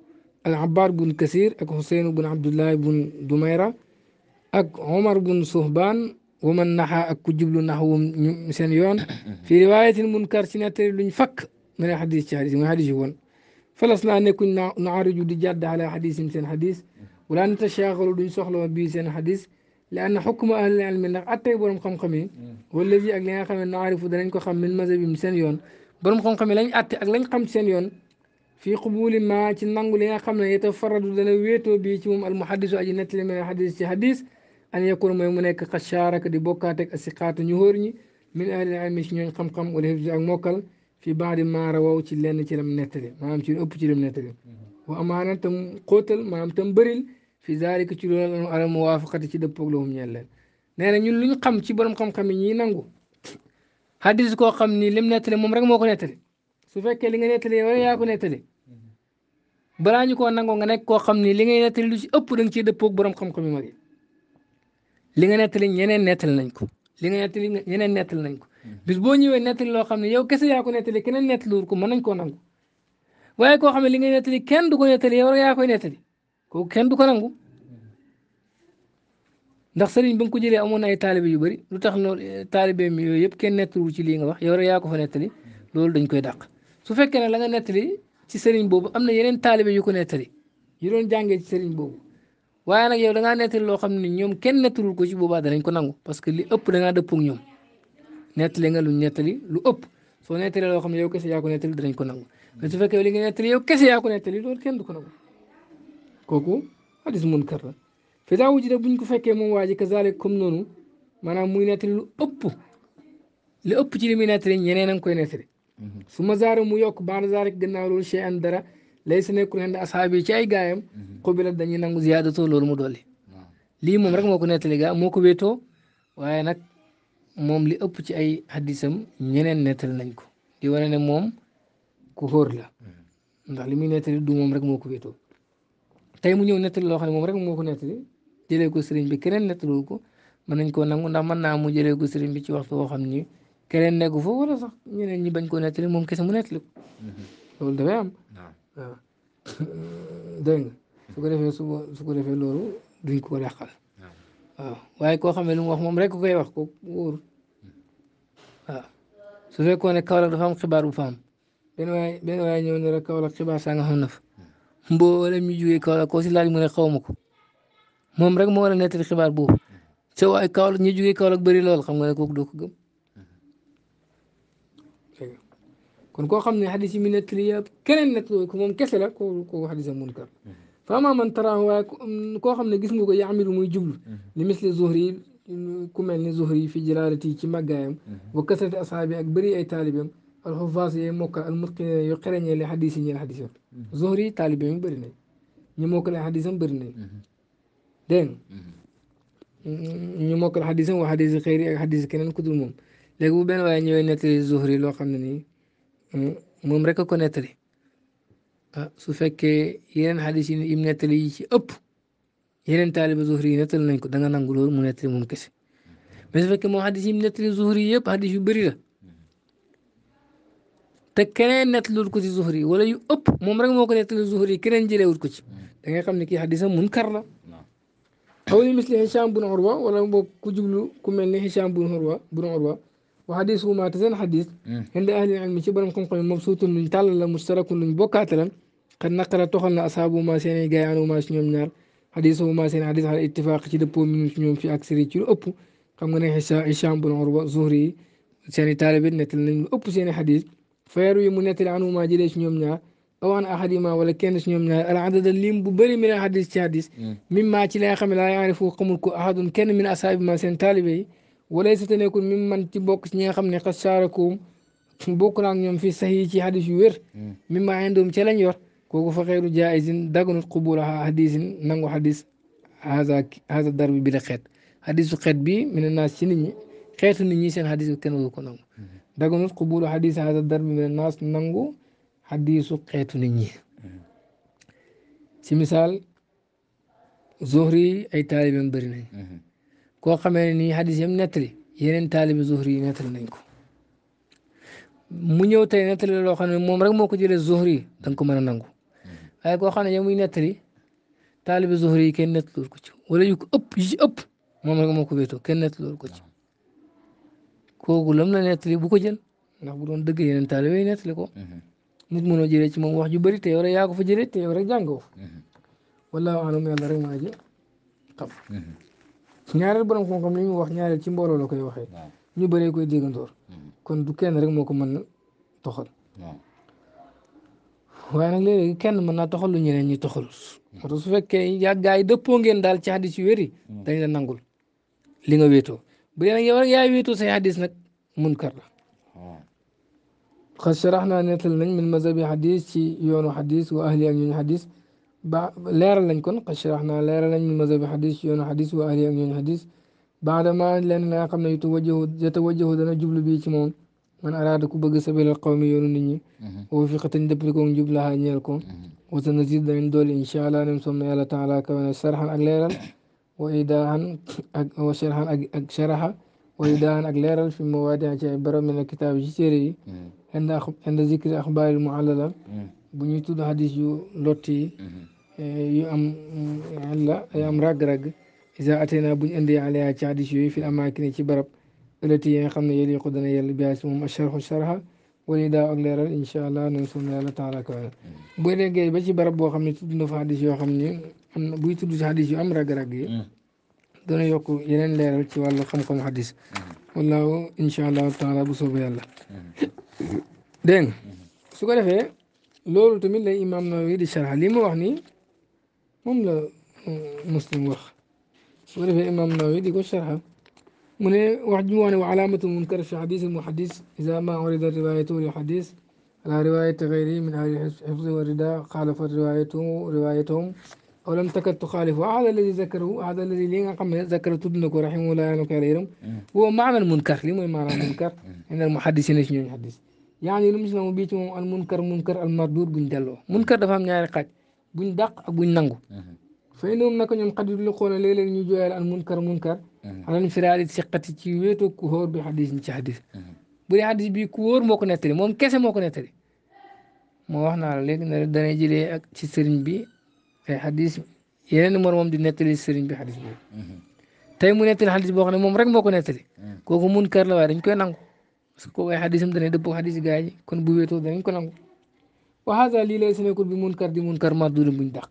al Abbaar bun Kasir ak Xuseyn bun Abdullahi bun Dumayra ak Omar bun Suhbaan ومن نحى كجبل نحوم سن يون أه، أه، أه. في رواية المنكر سنتر لن فك من الحديث شهريز من حديث يون فلسنا نكون نعرج دجاد على حديث سن حديث ولا نتشاغل دون سخل وبي سن حديث لأن حكم أهل العلم أنك أتعي برم خم خمي والذي أغلين خم نعرف درين كو خم من مذهب سن يون برم خم خمي لن أتعي أغلين خم سن يون في قبول ما تنغل يا خم يتفرد دون ويتو بيتم المحدث أجنت لمن الحديث حديث ان يكون موي مو نيك قد شارك دي بوكاتك اسيقات نيورني من اهل العلم شنو يعني خم خم والهفز موكل في بعد ما رواو تي لين تي لم نتري ما ام تي اوب تي لم نتري وامانه تم قتل ما ام تم بريل في ذلك تي لون موافقه تي دبوك لهم نيل يعني نانا خم تي خم خم ني نانغو حديث خم ني نتري موم رك موكو نتري su fekkee li nga nettali yow yaa ko nettali balaa ñu koo nangoo nga nekk koo xam ni li ngay nettali li nga nettali ñeneen nettali nañ ko li nga nettali yeneen nettali nañ ko bis boo ñëwee nettali loo xam ne yow kese yaa ko nettali keneen nettaliwul ko mën nañ koo nangu waaye ko xam ne li nga nettali kenn du ko nettali yow yaa koy nettali kooku kenn du ko nangu ndax sëriñ ba nga ko jëlee amoon ay taalibe yu bëri lu tax no eh, taalibe mi yooyu yëpp kenn nettaliwul ci lii nga wax yow yaa ko fa nettali loolu dañ koy dàq su fekkee ne la nga nettali ci sëriñ boobu am na yeneen taalibe yu ko nettali yu doon jàngee ci sëriñ boobu waaye nag yow da ngaa nettali loo xam ne ñoom kenn nettalul ko ci boobaa danañ ko nangu parce que li ëpp da ngaa dëppoo ak ñoom nettali lu nettali lu ëpp soo nettalee loo xam ne yow kese yaa ko nettali danañ ko nangu mais su fekkee li nga nettali yow kese yaa ko nettali loolu kenn du ko nangu kooku hadis munkar la fi daa wujida buñ ko fekkee moom waa ji kazalik comme noonu maanaam muy nettali lu ëpp li ëpp ci li muy nettali ñeneen a ngi koy nettali mhm. su ma zaara mu yokk baal zaara gannaaw loolu chey an dara lay si nekkul ne asxaab ci ay gaayam xubila mhm. dañuy nangu ziyaadatoo loolu mu dolli lii moom rek moo ko nettali gaa moo ko wéetoo waaye nag moom li ëpp ci ay xaddisam ñeneen nettali nañ ko di wane ne moom ku xóor la mhm. ndax li muy nettali du moom rek moo ko wéetoo tey mu ñëw nettali loo xam ne moom rek moo ko nettali jëlee ko sëriñ bi keneen nettaliwu ko mën nañ koo nangu ndax mën naa mu jëlee ko sëriñ bi ci waxtu woo xam ni keneen nekku foofu wala sax ñeneen ñi bañ koo nettali moom kese mu nettali ko mhm. loolu waaw (coughs) dégg nga su ko defee su su ko defee loolu duñ ko yàqal waaw waaye koo xam ne lu mu wax moom rek ku koy wax ko wóor hmm. waaw su fekkoon ne Kaolack dafa am xibaar bu fa am benn waay benn waay ñëw ne rek Kaolack xibaar saa nga xam na fa hmm. mboolem ñu jógee Kaolack koo si laaj mu ne xaw ma ko moom rek moo war a nettali xibaar boobu hmm. ca waay Kaolack ñu jógee Kaolack bari lool xam nga ne kooku doo ko gëm. كون كو خمني حد يجي من التلياب كان نتلو يكون مكسلة كو كو حد يزمون كار فما من ترى هو كو خمني جسمه يعمل ويجول لمثل زهري كم عن زهري في جلالتي كما قايم وكسرة أصحابي أكبري أي طالبهم الحفاظ يموك المتقن يقرن يلي حديث يلي حديث زهري طالبهم برني يموك الحديث برني دين يموك الحديث وحديث خيري حديث كنن كدر موم لقو بين وين يوين نتلي زهري لو خمني moom rek a ko nettali ah su fekkee yeneen xadis yi im nettali yi ci ëpp yeneen taaliba zuhri yi nettali nañ ko da nga nangu loolu mu nettali moom kese mais fekkee moom xadis yi nettali zuhri yëpp xadis yu bëri la te keneen nettalul ko ci zuhri yi wala yu ëpp moom rek moo ko nettali zuhri yi keneen jëleewul ko ci da nga xam ne kii xadisam munkar la xaw li misli Hicham bun Urwa wala boog ku jublu ku mel ni bun Urwa bun Urwa وحديث وما تزن حديث عند أهل العلم شبرم كم قل مبسوط من تعالى المشترك من بكاتلا قد نقل تخلنا أصحابه ما سين جاي عنه ما شنيم نار حديثه ما سين حديث على اتفاق كده بوم من شنيم في أكثر يجرو أبو كم من حساء إشام بن عروة زهري سين طالب نتل من أبو سين حديث فيروي من نتل عنه ما جلي شنيم نار أو عن أحد ما ولكن شنيم نار العدد اللي مبلي من الحديث حديث مما تلا خم لا يعرفه قمك أحد كان من أصحاب ما سين طالبه wala sa nekkul mi man ci bokk ci ñi nga xam ne xas bokk ak ñoom fii sax ci hadis yu wér hmm. mi ma indoom ca lañ yor kooku fa xeeru jaayizin daganut qubula hadisin nangu hadis haza haza dar bi la xeet hadisu xeet bi mina naas ci nit ñi xeetu nit ñi seen hadis kenn ko nangu hmm. daganut qubula hadis haza dar bi mina naas nangu hadisu xeetu nit ñi hmm. ci misaal Zuhri ay taalibeem bari nañ koo xamee ne nii xadis yam nettali yeneen taalibi zuhri yi nettali nañ ko mu ñëw tey nettali loo xam ne moom rek moo ko jëlee zuhri yi da ko mën a nangu waaye koo xam ne yamuy nettali taalibi zuhri yi kenn nettalool ko ci wala yu ko ëpp yu ci ëpp moom rek moo ko wéetoo kenn nettalool ko ci kooku lam la nettali bu ko jël ndax bu doon dëgg yeneen taalibe yi ko mhm. nit mënoo jëlee ci moom wax ju bëri te yow rek yaa ko fa jëlee te yow rek jàngoo mhm. wallaahu alam yàlla rek maa ji ñaareel borom xam-xam li ñu wax ñaareel ci mbooloo la koy waxee ñu bëree koy déggandoor hmm. kon du kenn rek moo ko mën a toxal waaye nag léeg-léeg kenn mën naa toxal lu ñeneen ñi toxal moo tax su fekkee yaa gaa yi dëppoo ngeen daal ci xadis yu wéri hmm. dañ la nangul li nga wéetoo bu dee nag yow rek yaa wéetoo say xadis nag munkar la hmm. sharax naa nettal nañ min mazhabi xadis ci yoonu xadis wa ahli ak ñooñu xadis leeral nañ kon xas sharax naa leeral nañ min mazhabi xadis yoonu xadis wa ahli ak ñooñu xadis baadama leen nga xam ne yu tawajjahu yatawajjahu dana jublu bii ci moom man araada ku bëgg sabilal qawmi yoonu nit ñi woo fi xatañ dëppalikoog njublahaa ñeel ko wasa nasir danañ dool incha allah nem som na yàlla taala kawene sarxan ak leeral wa idaahan ak wa sharxan ak ak sharaxa wa idaahan ak leeral fi mawaadi ci ay barab min kitaab yi ci téere yi inda inda zikri axbaaril muallala bu ñuy tudd xadis yu lott yi yu am alla yu am ragg-ragg isa atena buñ indee alaya ci hadis yooyu fil amaakine ci barab ëllëti yi nga xam ne yëliqu dana yàlla biyaa si moom acharxu charha wala daa ak leeral incha allah nañ sun yàlla taala kawe boo déggee ba ci barab boo xam ne tudd na fa hadis yoo xam ne am na buy tudd si hadis yu am ragg-ragg yi dana yokk yeneen leeral ci wàllu xam-xam hadis wallaahu incha allah taala bu soobee yàlla dégg su ko defee loolu tamit lay imaam Nawawi di charha li mu wax nii لا مسلم وخ ولف الإمام النووي يقول شرحه من وعجوان وعلامة منكر في حديث المحدث إذا ما ورد روايته لحديث على رواية غيره من أهل الحفظ والرداء خالفت روايته روايتهم أو لم تكن تخالف هذا الذي ذكره هذا الذي لين قام ذكر ابنك رحمه الله يعلم كثيرا هو معنى المنكر لما معنى المنكر عند المحدثين شنو يحدث يعني لمسلم بيتهم المنكر منكر المردود بن دلو منكر دفهم نعرف buñ dàq ak buñ nangu. Mhm. fay noonu naka ñoom xadit lu xool léeg-léeg ñu jooyal al munkar munkar. Mhm. alal firaari siqati ci wéetoo ku xóor bi xadis ci xadis. Mhm. bu dee bi ku wóor moo ko nettali moom kese moo ko nettali. moo wax naa la léegi ne danay jëlee ak ci sëriñ bi ay xadis yeneen moromam di nettali sëriñ bi xadis boobu. tey mu nettali xadis boo xam moom rek moo ko nettali. kooku munkar la waaye dañ koy nangu parce que kooku ay xadisam danay dëppoo xadis gaa yi kon bu wéetoo danañ ko nangu. waxaasa lii lay si nekkul bi munkar di munkar mardud buñ dàq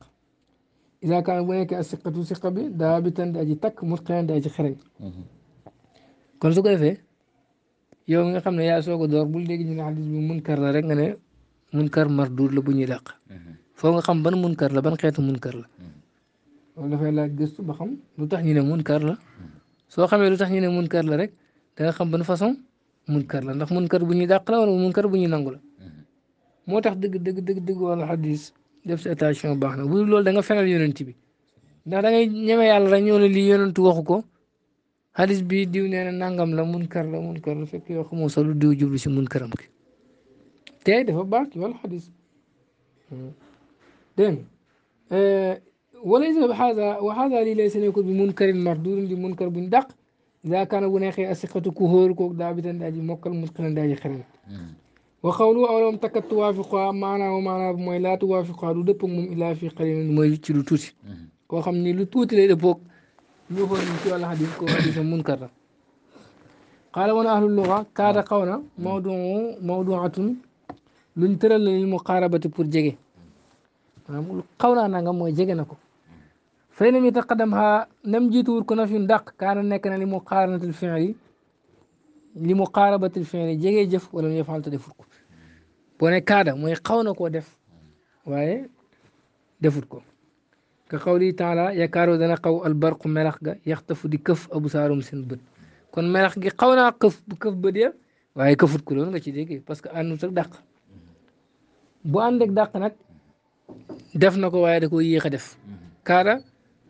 isa kaan bu nekkee asiqatu siqa bi daa bi tan di aji takk mutqinan di aji xereñ kon su ko defee yow nga xam ne yaa soog a door bul dégg ñu ne xadis bi munkar la rek nga ne munkar mardud la bu ñuy dàq foo nga xam ban munkar la ban xeetu munkar la loolu dafay laaj gëstu ba xam lu tax ñu ne munkar la soo xamee lu tax ñu ne munkar la rek da nga xam ban façon munkar la ndax munkar bu ñuy dàq la wala bu ñuy nangu la moo tax dëgg dëgg dëgg dëgg wala xadis def si attention baax na bu loolu da nga fenal yonent bi ndax da ngay ñeme yàlla rek ñoo ne lii yonent waxu ko xadis bi diw nee na nangam la munkar la munkar la fekk yoo xamoo sax lu diw jublu si munkaram ki te dafa baax ci wala xadis dégg nga وليس بهذا وهذا لي ليس يكون بمنكر مردود بمنكر بندق إذا كان بنيخي أسقط كهور كوك دابتا داجي مكل متقنا داجي خرين وxawlu aw lam takkat tuwaafiquha maanaa maanaa bu mooy laa tuwaafiquha du dëppog moom illaa fi qalilin mooy ci lu tuuti koo xam ni lu tuuti lay dëppoog lu xool ci wàllu xadis ko xadisa munkar la qaala woon ahlul luga kaada xaw na mawdu mawduatun luñ tëral la lil muqaarabati pour jege maanaam lu xaw naa nangam mooy jege na ko fay na mi taqaddam xaa nam jiituwut ko na fi ndàq kaana nekk na li muqaaranatil fiili li muqaarabatil fiili jege jëf wala mu yefal te defut ko bu ne kaada mooy xaw na koo def waaye defut ko ka xawli taala yaakaaroo dana xaw albarqu melax ga yaxtafu di këf abu saarum seen bët kon melax gi xaw naa këf bu këf bët ya waaye këfut ko loolu nga ci déggee parce que àndut ak dàq bu ànd ak dàq nag def na ko waaye da koo yéex a def kaada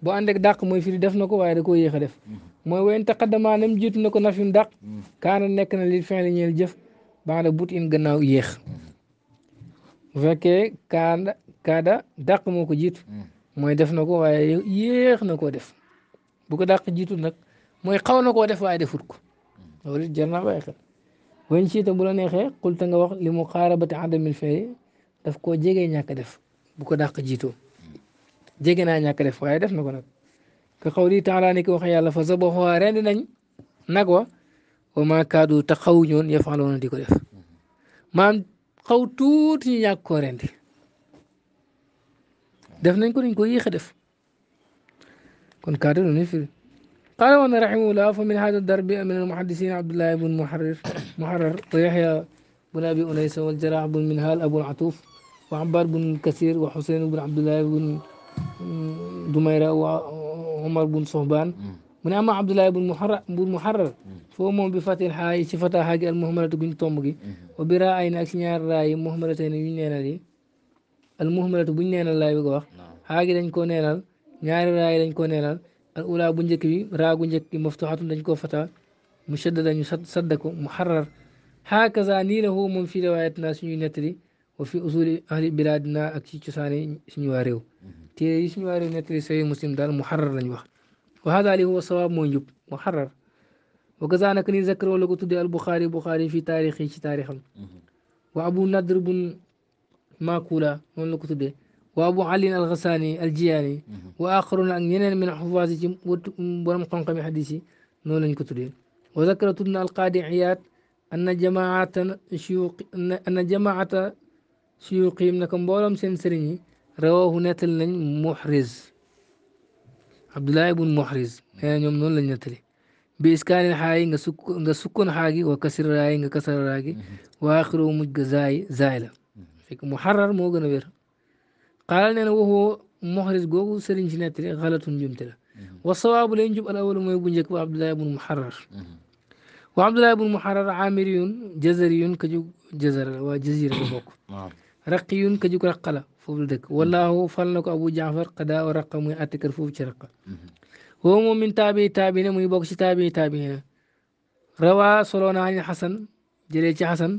bu ànd ak dàq mooy firi def na ko waaye da koo yéex a def mooy wayn taqaddamaa nam jiitu na ko nafim dàq kaana nekk na li fin la ñeel jëf baax na but in gannaaw yéex bu fekkee kaada kaada dàq moo ko jiitu hmm. mooy def na ko waaye yéex na koo def bu ko dàq jiitu nag mooy xaw na koo def waaye defut ko hmm. loolu jar naa bàyyi xel wañ ci itam bu la neexee xulta nga wax li mu xaarabati adamil fay daf koo jege ñàkk def bu ko dàq jiitoo hmm. jege naa ñàkk def waaye def na ko nag ka xaw di taalaa ni ki wax yàlla fa zabahuhaa rendi nañ nag wa wa maa kaadu te xaw ñoon yafaloona di ko def maam xaw tuuti ñu ñàkk koo rendi def nañ ko dañ ko yéex a def kon kaate noonu firi قال وانا رحمه الله فمن هذا الدرب من المحدثين عبد الله بن محرر محرر ويحيى بن ابي انيس والجراح بن منهال ابو العطوف وعبار بن كثير وحسين بن عبد الله بن دميره وعمر بن صهبان mu ne ama abdoulahi bul muharrar bul muharrar foo moom bi fatil xaayi ci fataaxa gi al muhmalati guñ tomb gi wa bi raa ay na ak si ñaari raa yi muhmalate ne yuñ neenal yi al muhmalati buñ neenal laay bi ko wax xaa gi dañ koo neenal ñaari raa yi dañ koo neenal al ula bu njëkk bi raa gu njëkk bi maftuxatun dañ koo fata mu shadda dañu sadda ko muharrar hakaza nii la hoo moom fii riwaayatina suñuy nettali wa fi usuli ahli bilaadina ak ci cosaani suñu waa réew téere yi suñu waa réew nettali sayi muslim daal muharrar lañ wax وهذا اللي هو صواب موجب محرر وكذلك نذكر لو تدي البخاري بخاري في تاريخي في تاريخه وابو نضر بن ماكولا من لو تدي وابو علي الغساني الجياني واخرون ان ينن من حفاظ بروم قنقم حديثي نون لنج تدي وذكر تدنا القاضي عياد ان جماعه شيوخ ان جماعه شيوخهم منكم بولم سن سرني رواه نتل محرز Abdullahi ibn Muhriz nee na ñoom noonu lañ nettali bi iskaanil xaayi nga sukk nga sukkoon xaagi wa kasir raayi nga kasar raagi wa aaxiroo mujj ga zaay zaay la fekk mu xarar moo gën a wér xaaral nee na waxoo Muhriz googu sëriñ si nettali xalatun njumte la wa sawaabu lay njub al awal mooy bu njëkk ba Abdullahi ibn Muharrar wa Abdullahi ibn Muharrar aamiriyun jazariyun ka jug jazara la waa jazira la bokk raqiyun ka jug raqa la فوف دك والله فلنك ابو جعفر قدا ورقم اتكر فوف شرقه هو من تابي تابين مي بوك تابي تابين روى سولونا عن حسن جريج حسن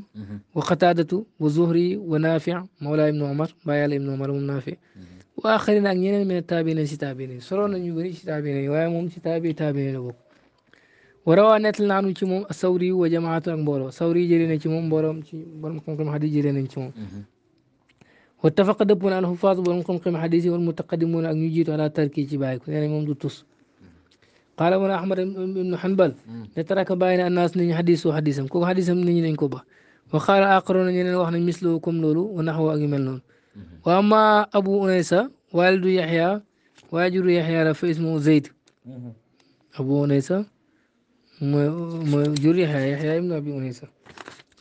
وقتادة وزهري ونافع مولى ابن عمر بايال ابن عمر ونافع واخرين اغنين من التابين ستابين سولونا نيوري ستابين واي موم ستابي تابين بوك وروى نتل نانو تشموم الثوري وجماعة بورو ثوري جيرينا تشموم بورو تشموم بورو كم كم واتفق دبون على حفاظ بونكم قيم حديثي والمتقدمون أن يجيتوا على تركي جبايك يعني مم دوتوس قال ابن أحمد بن حنبل نترك باين الناس نين حديث وحديثهم كو حديثهم نين نين كوبا وقال آخرون نين الوحن مثلكم لولو ونحو أجمل نون وأما أبو أنيسة والد يحيى واجر يحيى رفي اسمه زيد أبو أنيسة مجر يحيى يحيى ابن أبي أنيسة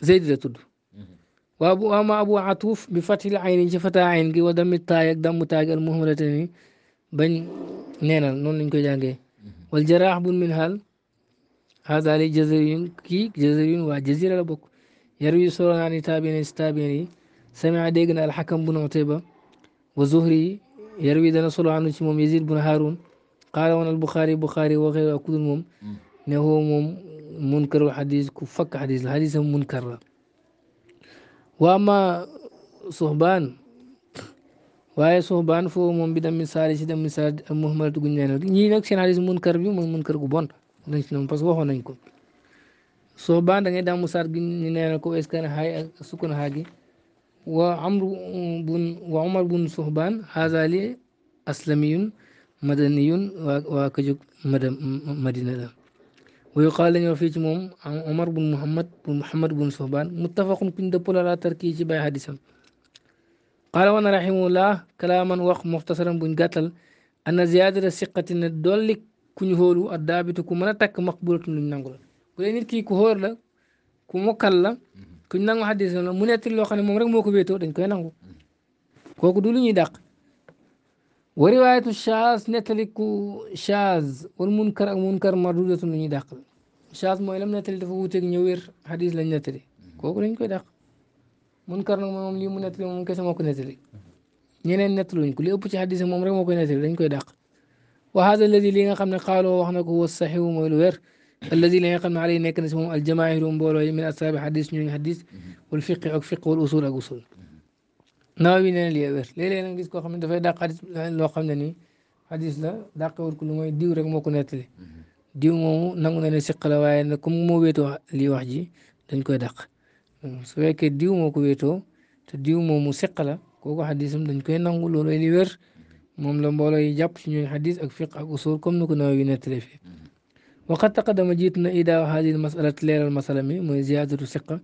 زيد ذا تدو waa bu ama abu atuuf bi fatil ayni ci fata ayn gi wa dammi taay ak dammu taay al muhammadata ni bañ neenal noonu lañ koy jàngee mm-hmm. wal jaraax bun min hal hada li jaziriyun kii jaziriyun waa jazira la bokk yar yu solo naa ni taabeen si taabeen yi samia bun utayba wa zuhri yar wi dana solo anu moom yazid bun harun qaala woon al buxaari buxaari waxee waa kudul moom mm-hmm. ne xoo moom munkarul xadis ku fakk xadis la xadisam munkar la wa ma suxbaan waaye suxbaan foo moom bi dam misaali si dam misaali ak muhammadatu guñ ñaanal ñii nag seen xaalis munkar munkar gu bon dañ si parce que waxoon nañ ko suxbaan da ngay dam ko iskan xaay wa amru bun wa umar aslamiyun madaniyun waa waa madina la ويقال أن في جموم عمر بن محمد بن محمد بن صوبان متفق بن دبول على تركي جباي حديثا قال وانا رحمه الله كلاما وق مختصرا بن قتل أن زيادة الثقة أن الدول كن هولو الدابت كمنا تك مقبولة من نغول ولكن كي كهور لا كموكال لا كن نغو حديثا من يتلو خاني ممرك موكو بيتو دن كوي نغو كوكو دولي نيداق wa riwaayatu shaaz nettaliku shaaz wal munkar ak munkar mardudatun lu ñuy dàq la shaaz mooy lam nettali dafa wuuteeg ñëw wér xadis lañ nettali kooku lañ koy dàq munkar nag moom lii mu nettali moom kese moo ko nettali ñeneen nettaluñ ko li ëpp ci xadis moom rek moo koy nettali dañ koy dàq wa haada alladi li nga xam ne xaaloo wax na ko wa saxiwu mooy lu wér alladi li nga xam ne alay nekk na si moom aljamaahiru mbooloo yi min asaabi xadis ñooñu xadis wal fiqi ak fiq wal usul ak usul nawawi nee na lii wér léeg-léeg nag gis koo xam ne dafay dàq xadis loo xam ne nii xadis la dàqewul ko lu mooy diw rek moo ko nettali mhm. diw moomu nangu na ne siq la waaye nag comme moo wéetoo lii wax ji dañ koy dàq hmm, su fekkee diw moo ko wéetoo te diw moomu siq la kooku xadisam dañ koy nangu loolu li wér moom la mbooloo yi jàpp ci ñooy xadis ak fiq ak usul comme ni ko nawawi nettali fii mhm. waqat taqadama jiit na idaa haadihi masalat leeral masala mi mooy ziyaadatu siqa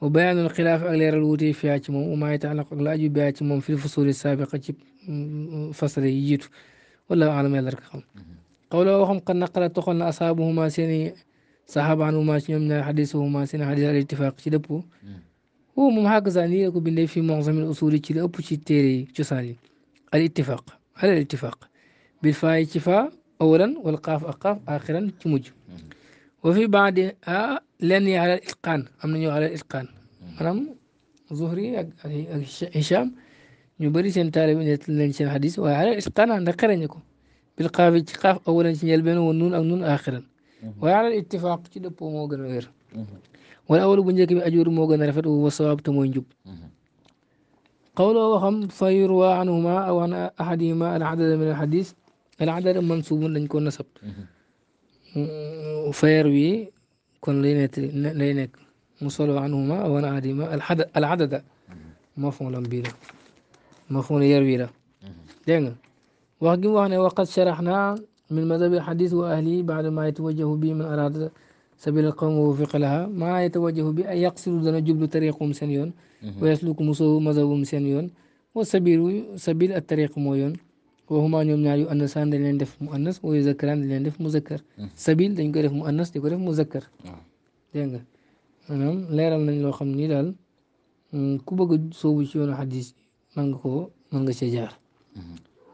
وبيان الخلاف على الوتي في أجمع وما يتعلق لا يجبي أجمع في الفصول السابقة في فصل يجيت ولا أعلم يا ذلك خم قولوا وهم قد نقل تقلنا أصحابهما سيني صحابا وما سيمنا حديثهما سيني حديث الاتفاق شدبو هو ممحاك زاني لكو بالله في معظم الأصول شدبو شتيري شساني الاتفاق على الاتفاق بالفاء اتفاق أولا والقاف أقاف آخرا تموجب وفي بعدها لن على الإتقان am nañu ala itqaan maanaam Zuhri ak ak Hicham ñu bëri seen taalibe nettali nañ seen xadis waaye ala itqaan ndax xarañ ko bil qaaf ci qaaf awalan ci njëlbeen wa nuun ak nuun aaxiran waaye ala ittifaaq ci dëppoo moo gën a wér wala awalu bu njëkk bi ajur moo gën a rafet wa sawaab te mooy njub qawloo waxam fa yurwa anhuma aw an ahadihima al adada min al xadis al adada mansuubun dañ ko nasab فيروي كون لينك مصلى عنهما وانا عديما العدد العدد مفهوم لمبيرا مفهوم يروي له دينا وقد شرحنا من مذهب الحديث واهلي بعد ما يتوجه به من أراد سبيل القوم ووفق لها ما يتوجه به أن يقصد دون جبل طريقهم سنيون ويسلك مصوه مذهبهم سنيون وسبيل سبيل الطريق مويون waxuma ñoom ñaar yu annasaan dañ leen def mu annas wa yu zakkaraan dañ leen def mu zakkar hmm. sabil dañ koy def mu annas di ko def mu zakkar hmm. dégg nga leeral nañ loo xam ni daal hmm, ku bëgg a soobu ci yoonu xadis man nga koo mën nga cee jaar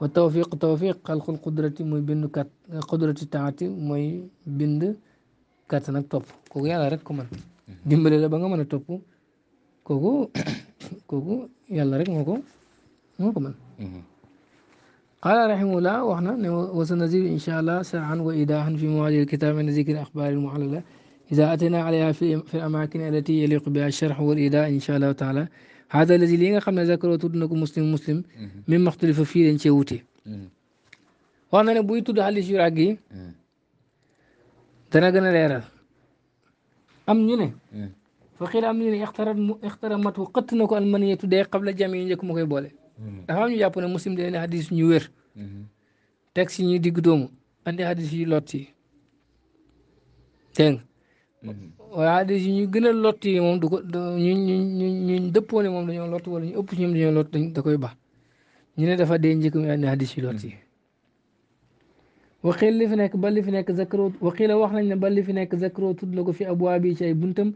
wa tawfiq tawfiq xalqul qudrati mooy bind kat qudrati taati mooy bind kat nag topp kooku yàlla rek ko mën la ba nga mën a topp kooku (coughs) kooku yàlla rek moo ko moo ko قال رحمه الله وحنا وسنزيد ان شاء الله سرعا وإيداحا في مواجهه الكتاب من ذكر الاخبار المعلله اذا اتينا عليها في, في الاماكن التي يليق بها الشرح والايداء ان شاء الله تعالى هذا الذي لينا خمنا ذكر وتدنك مسلم مسلم من مختلف فيه دنج وتي وانا نبوي تد حالي شراغي dana gën a leeral am ñu ne faqir am ñu ne ixtarat mu ixtaramat xëtt na Mm-hmm. dafa am ñu jàpp ne muslim day indi hadis ñu wér. Mm-hmm. teg si ñuy digg doomu andi hadis yu lot yi dégg nga. Mm-hmm. waaye hadis yi ñu gën a lot moom da ko ñu ñu ñu ñu dëppoo ne moom dañoo lot wala ñu ëpp si ñoom dañoo lot da koy ba ñu ne dafa dee njëkk mi andi hadis yu lot yi. waxil li fi nekk ba li fi nekk zakaroo waxila wax nañ ne ba li fi nekk zakaroo tudd la ko fi abwaa bi ci ay buntam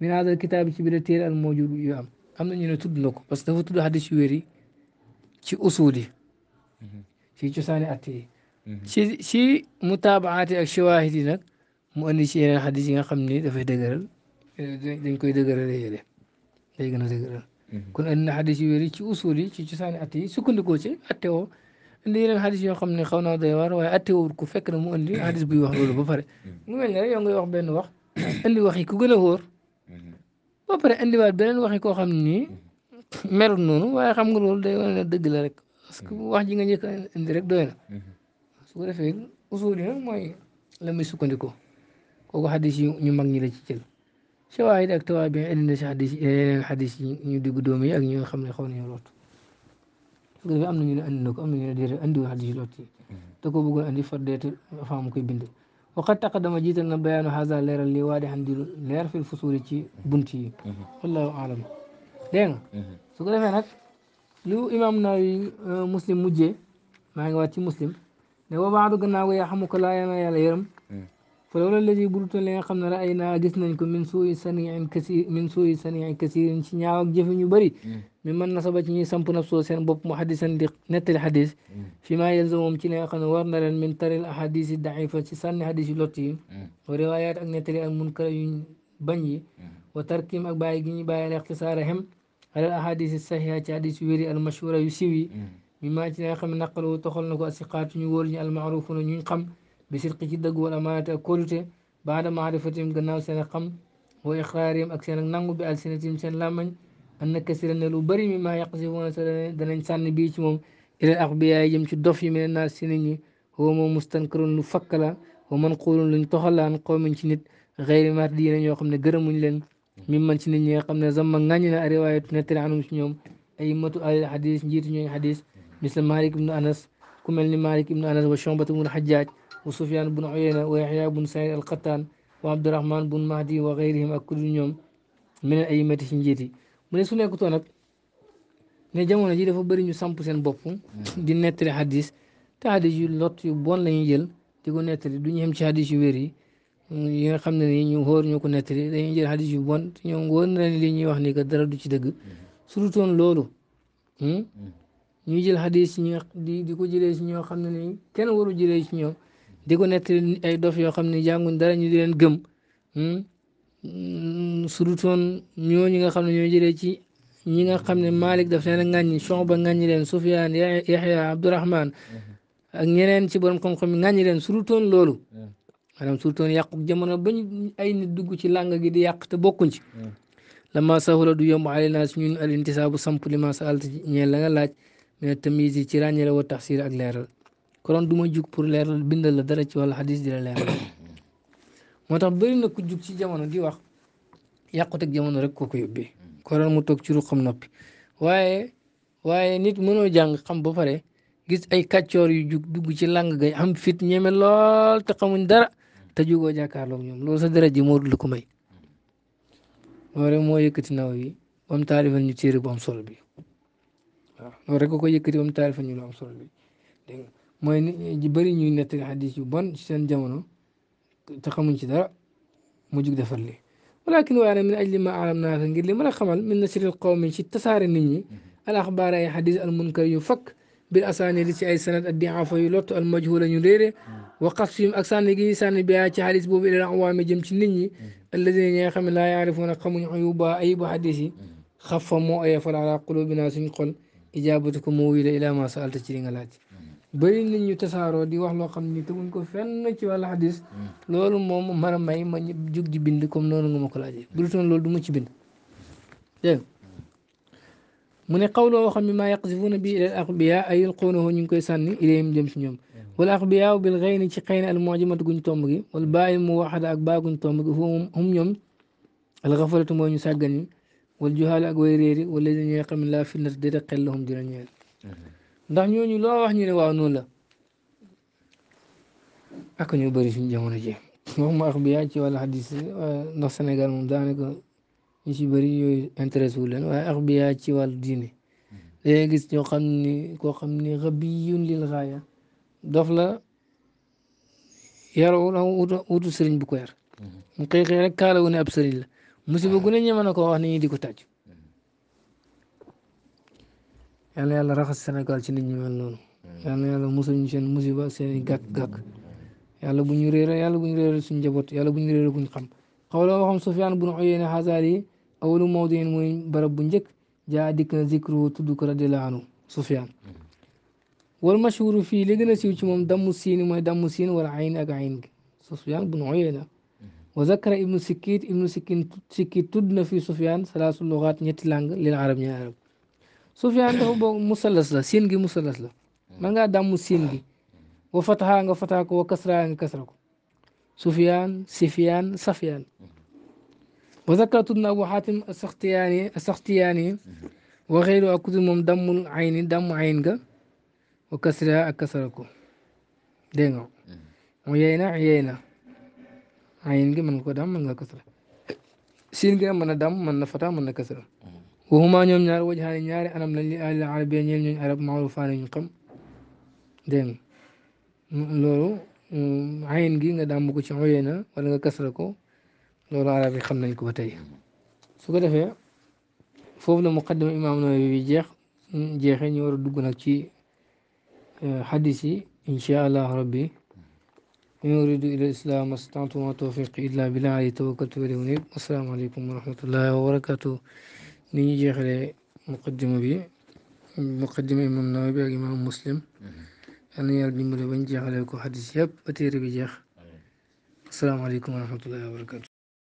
min haadal kitaab ci biir téere al mawjuud yu am am na ñu ne tudd la ko parce que dafa tudd hadis yu wér yi. ci usul yi ci cosaani at yi ci ci mutaabaat yi ak shawaahid yi nag mu andi ci yeneen xadis yi nga xam ni dafay dëgëral dañ koy dëgëral yële day gën a dëgëral kon andi na xadis yu wéri ci usul yi ci cosaani at yi sukkandikoo ci atte woo indi yeneen xadis yoo xam ne xaw naa doy waar waaye atte woo ko fekk na mu andi xadis buy wax loolu ba pare mu mel ne rek yow ngay wax benn wax indi wax yi ku gën a wóor ba pare indiwaat beneen wax yi koo xam ni melut noonu waaye xam nga loolu day wane ne la rek parce que hmm. wax ji nga njëkk a indi rek doy na hmm. su ko defee usul mooy la muy sukkandiku kooku xadis yi ñu mag ñi la ci jël shawaahid ak tawaabi indi na si xadis yeneen ñu diggu doom yi ak xam ne xaw nañu lot su ko ñu ne andi na ko am na hmm. da koo bëggoon andi far deet faam koy bind waqad taqaddama jiital na bayaanu haza leeral li waadi xam di leer fil fusuli ci bunt yi wallahu alam dégg nga su ko defee nag li imaam Nawawi euh, muslim mujjee maa ngi waat ci muslim ne ba baadu gannaaw ga yaa xamu ko laa yana yàlla yërëm hmm. fa loolu la ji budutoon li nga xam ne ay naa gis nañ ko min suuy saniin kasir min suuy saniin kasirin ci ñaaw ak jëfe ñu bëri hmm. mi mën na saba ci ñuy samp naf soo seen bopp mu hadisan di nettali hadis hmm. fi maa yelza moom ci li nga xam ne war na leen min taril ahadis yi daifa ci sànni hadis yi lott yi wa riwaayaat ak nettali ak munkar yuñ bañ yi wa tarkim ak bàyyi gi ñu bàyyi al ixtisaara hem على الأحاديث الصحيحة حديث ويري المشهورة يسوي مما تناقم نقل وتخل نقو أسيقات نيول ني المعروف نينقم بسرق جدق والأمانة كلت بعد معرفتهم قناو سنقم وإخرارهم أكسر نانو بألسنتهم سن لامن أن كسر نلو بري مما يقصفون سنة إنسان بيتهم إلى الأقبياء يمشي دفي من الناس سنيني هو مو مستنكر نفكلا ومن قول لن تخلا عن قوم غير مردين يوقم نقرم لن ميم مانتي نيت ني خامني غاني نا روايه نتر عنهم شي اي متو اي حديث نجيت نيو حديث مثل مالك بن انس كمل ني مالك بن انس وشومبة بن حجاج وسفيان بن عيينة ويحيى بن سعيد القطان وعبد الرحمن بن مهدي وغيرهم اكل نيوم من اي مت شي نجيتي من سو نيكوتو نا ني جامونا جي سامبو سين بوب دي نتر حديث تاديجي لوت يو بون لا ني جيل ديكو نتر هم شي ويري yi nga xam ne nii ñu wóor ñoo ko nettali dañuy jël xadis yu bon ñoom wóor na leen li ñuy wax ni que dara du ci dëgg mm-hmm. surutoon loolu hmm, mm-hmm. ñuy jël xadis ñi di di ko jëlee si ñoo xam ne nii kenn waru jëlee si ñoom mm-hmm. di ko nettali ay dof yoo xam ne jànguñ dara ñu di leen gëm hmm, mm, surutoon ñooñu nga xam ne ñoo jëlee ci ñi nga xam ne Malik daf leen a ŋàññi Shu'ba ŋàññi leen Sufyaan Yaxya Abdurahman ak ñeneen ci borom yi ŋàññi leen surutoon loolu maanaam surtout yàqu jamono bañ ay nit dugg ci làng gi di yàq te bokkuñ ci hmm. lama sahula du yomb ale naa si ñun al intisaabu samp li ma saalta nga laaj mais tamise ci ràññee la wa tafsir ak leeral konoon du ma jug pour leeral bindal la dara ci wàllu xadis di la leeral hmm. moo tax bëri na ku jug ci jamono di wax yàquteg jamono rek koo ko yóbbee hmm. konoon mu toog ci ruqam noppi waaye waaye nit mënoo jàng xam ba pare gis ay kàccoor yu jug dugg ci làng gay am fit ñeme lool te تجوجو جاكار لوم يوم لو سدرة جمود لكمي نوري مو يكتي ناوي بام تعرف أن يصير بام صلبي نوري كوكو يكتي بام تعرف أن يلام صلبي دين ما ين جبري نيو نتري حديث يبان شان جمانو تخمن شدرا موجود دفرلي ولكن وانا من اجل ما اعلمنا هذا نقول لي ما خمل من نشر القوم من شي تسار النيني الاخبار اي حديث المنكر يفك bil asaanidi ci ay sanad ak diafa yu lott al majhula ñu réere wa xasfihim ak sànni gi sànni biyaa ci xaalis boobu ilal awaami jëm ci nit ñi alladina ñi nga xam ne laa yaarifuuna xamuñ ayuba ayibu xadis yi xafa moo oyefal ala qulubina suñ xol ijaabatu ko moo wila ila ma saalta ci li nga laaj bëri nit ñu tasaaroo di wax loo xam ni teguñ ko fenn ci wàllu xadis loolu moom mën a may ma jug di bind comme noonu nga ma ko laajee bu dutoon lool du ma ci bind dégg من قول وخم ما يقذفون به الأقبياء أي يلقونه نكوي سني إليهم جمس نيوم والأقبياء بالغين تقين المعجمة تقول تومري والباء الموحد أقباء تقول تومري هم هم يوم الغفلة ما ينساقني والجهال أقويريري والذين يقم لا في النردير قلهم جرانيال ndax ñoo ñu loo wax ñu ne waaw noonu la ak ñu bëri suñu jamono ji wax ma ak bi ci wala hadis ndax sénégal moom daanaka ñu si bëri yooyu intéressé wu leen waaye axbiya ci wàllu diine léegi mm-hmm. gis ñoo xam ni koo xam ni xabiyun lil xaaya dof la yarawul am utu utu sëriñ bu ko yar mm-hmm. mu xëy xëy rek kaalawu ne ab la musiba gu ne ñeme na ko wax ni di ko tàcc mm-hmm. yal na senegal raxas Sénégal ci nit ñi mel noonu yal na yàlla musal ñu musiba seen i gàkk-gàkk yàlla bu ñu réere yàlla bu ñu réere suñu njaboot yàlla bu ñu réere bu ñu xam xaw أول موضع مهم برب جك جاء ذكر ذكره تدك رضي الله عنه سفيان والمشهور فيه لجنة سيوتشمم دم السين وما دم السين والعين أك عين سفيان بن عيينة وذكر ابن سكيت ابن سكين سكيت تدنا في سفيان ثلاث لغات نيت لانغ للعرب يا عرب سفيان ده بو مثلث لا سين جي مثلث لا ما دم سين جي وفتحا nga فتحا ko وكسرا nga سفيان سفيان, سفيان. وذكرت ابن أبو حاتم السختياني السختياني وغيره أكد مم دم العين دم عين وكسر اكسرك أكسركو دينغو عيينة عين من كو دم من كسر سين من دم من فتا من كسر وهما نيوم نيار وجهان نيار أنا من الأهل العربية نيوم نيوم عرب معروفان يقم دينغ لولو عين غي دم كو ko ولا oyena لولا على بي خمنا لكو بتاي سوكو دفع فوف مقدم امام نبي بي جيخ جيخي نيور دوغنا تي حديثي ان شاء الله ربي من يريد الى الاسلام استطعت عليكم توفيق الا بالله علي توكلت وليوني السلام عليكم ورحمه الله وبركاته ني جيخي مقدم بي مقدم امام نبي امام مسلم انا يال دي مولا بن جيخي لكو حديث ياب السلام عليكم ورحمه الله وبركاته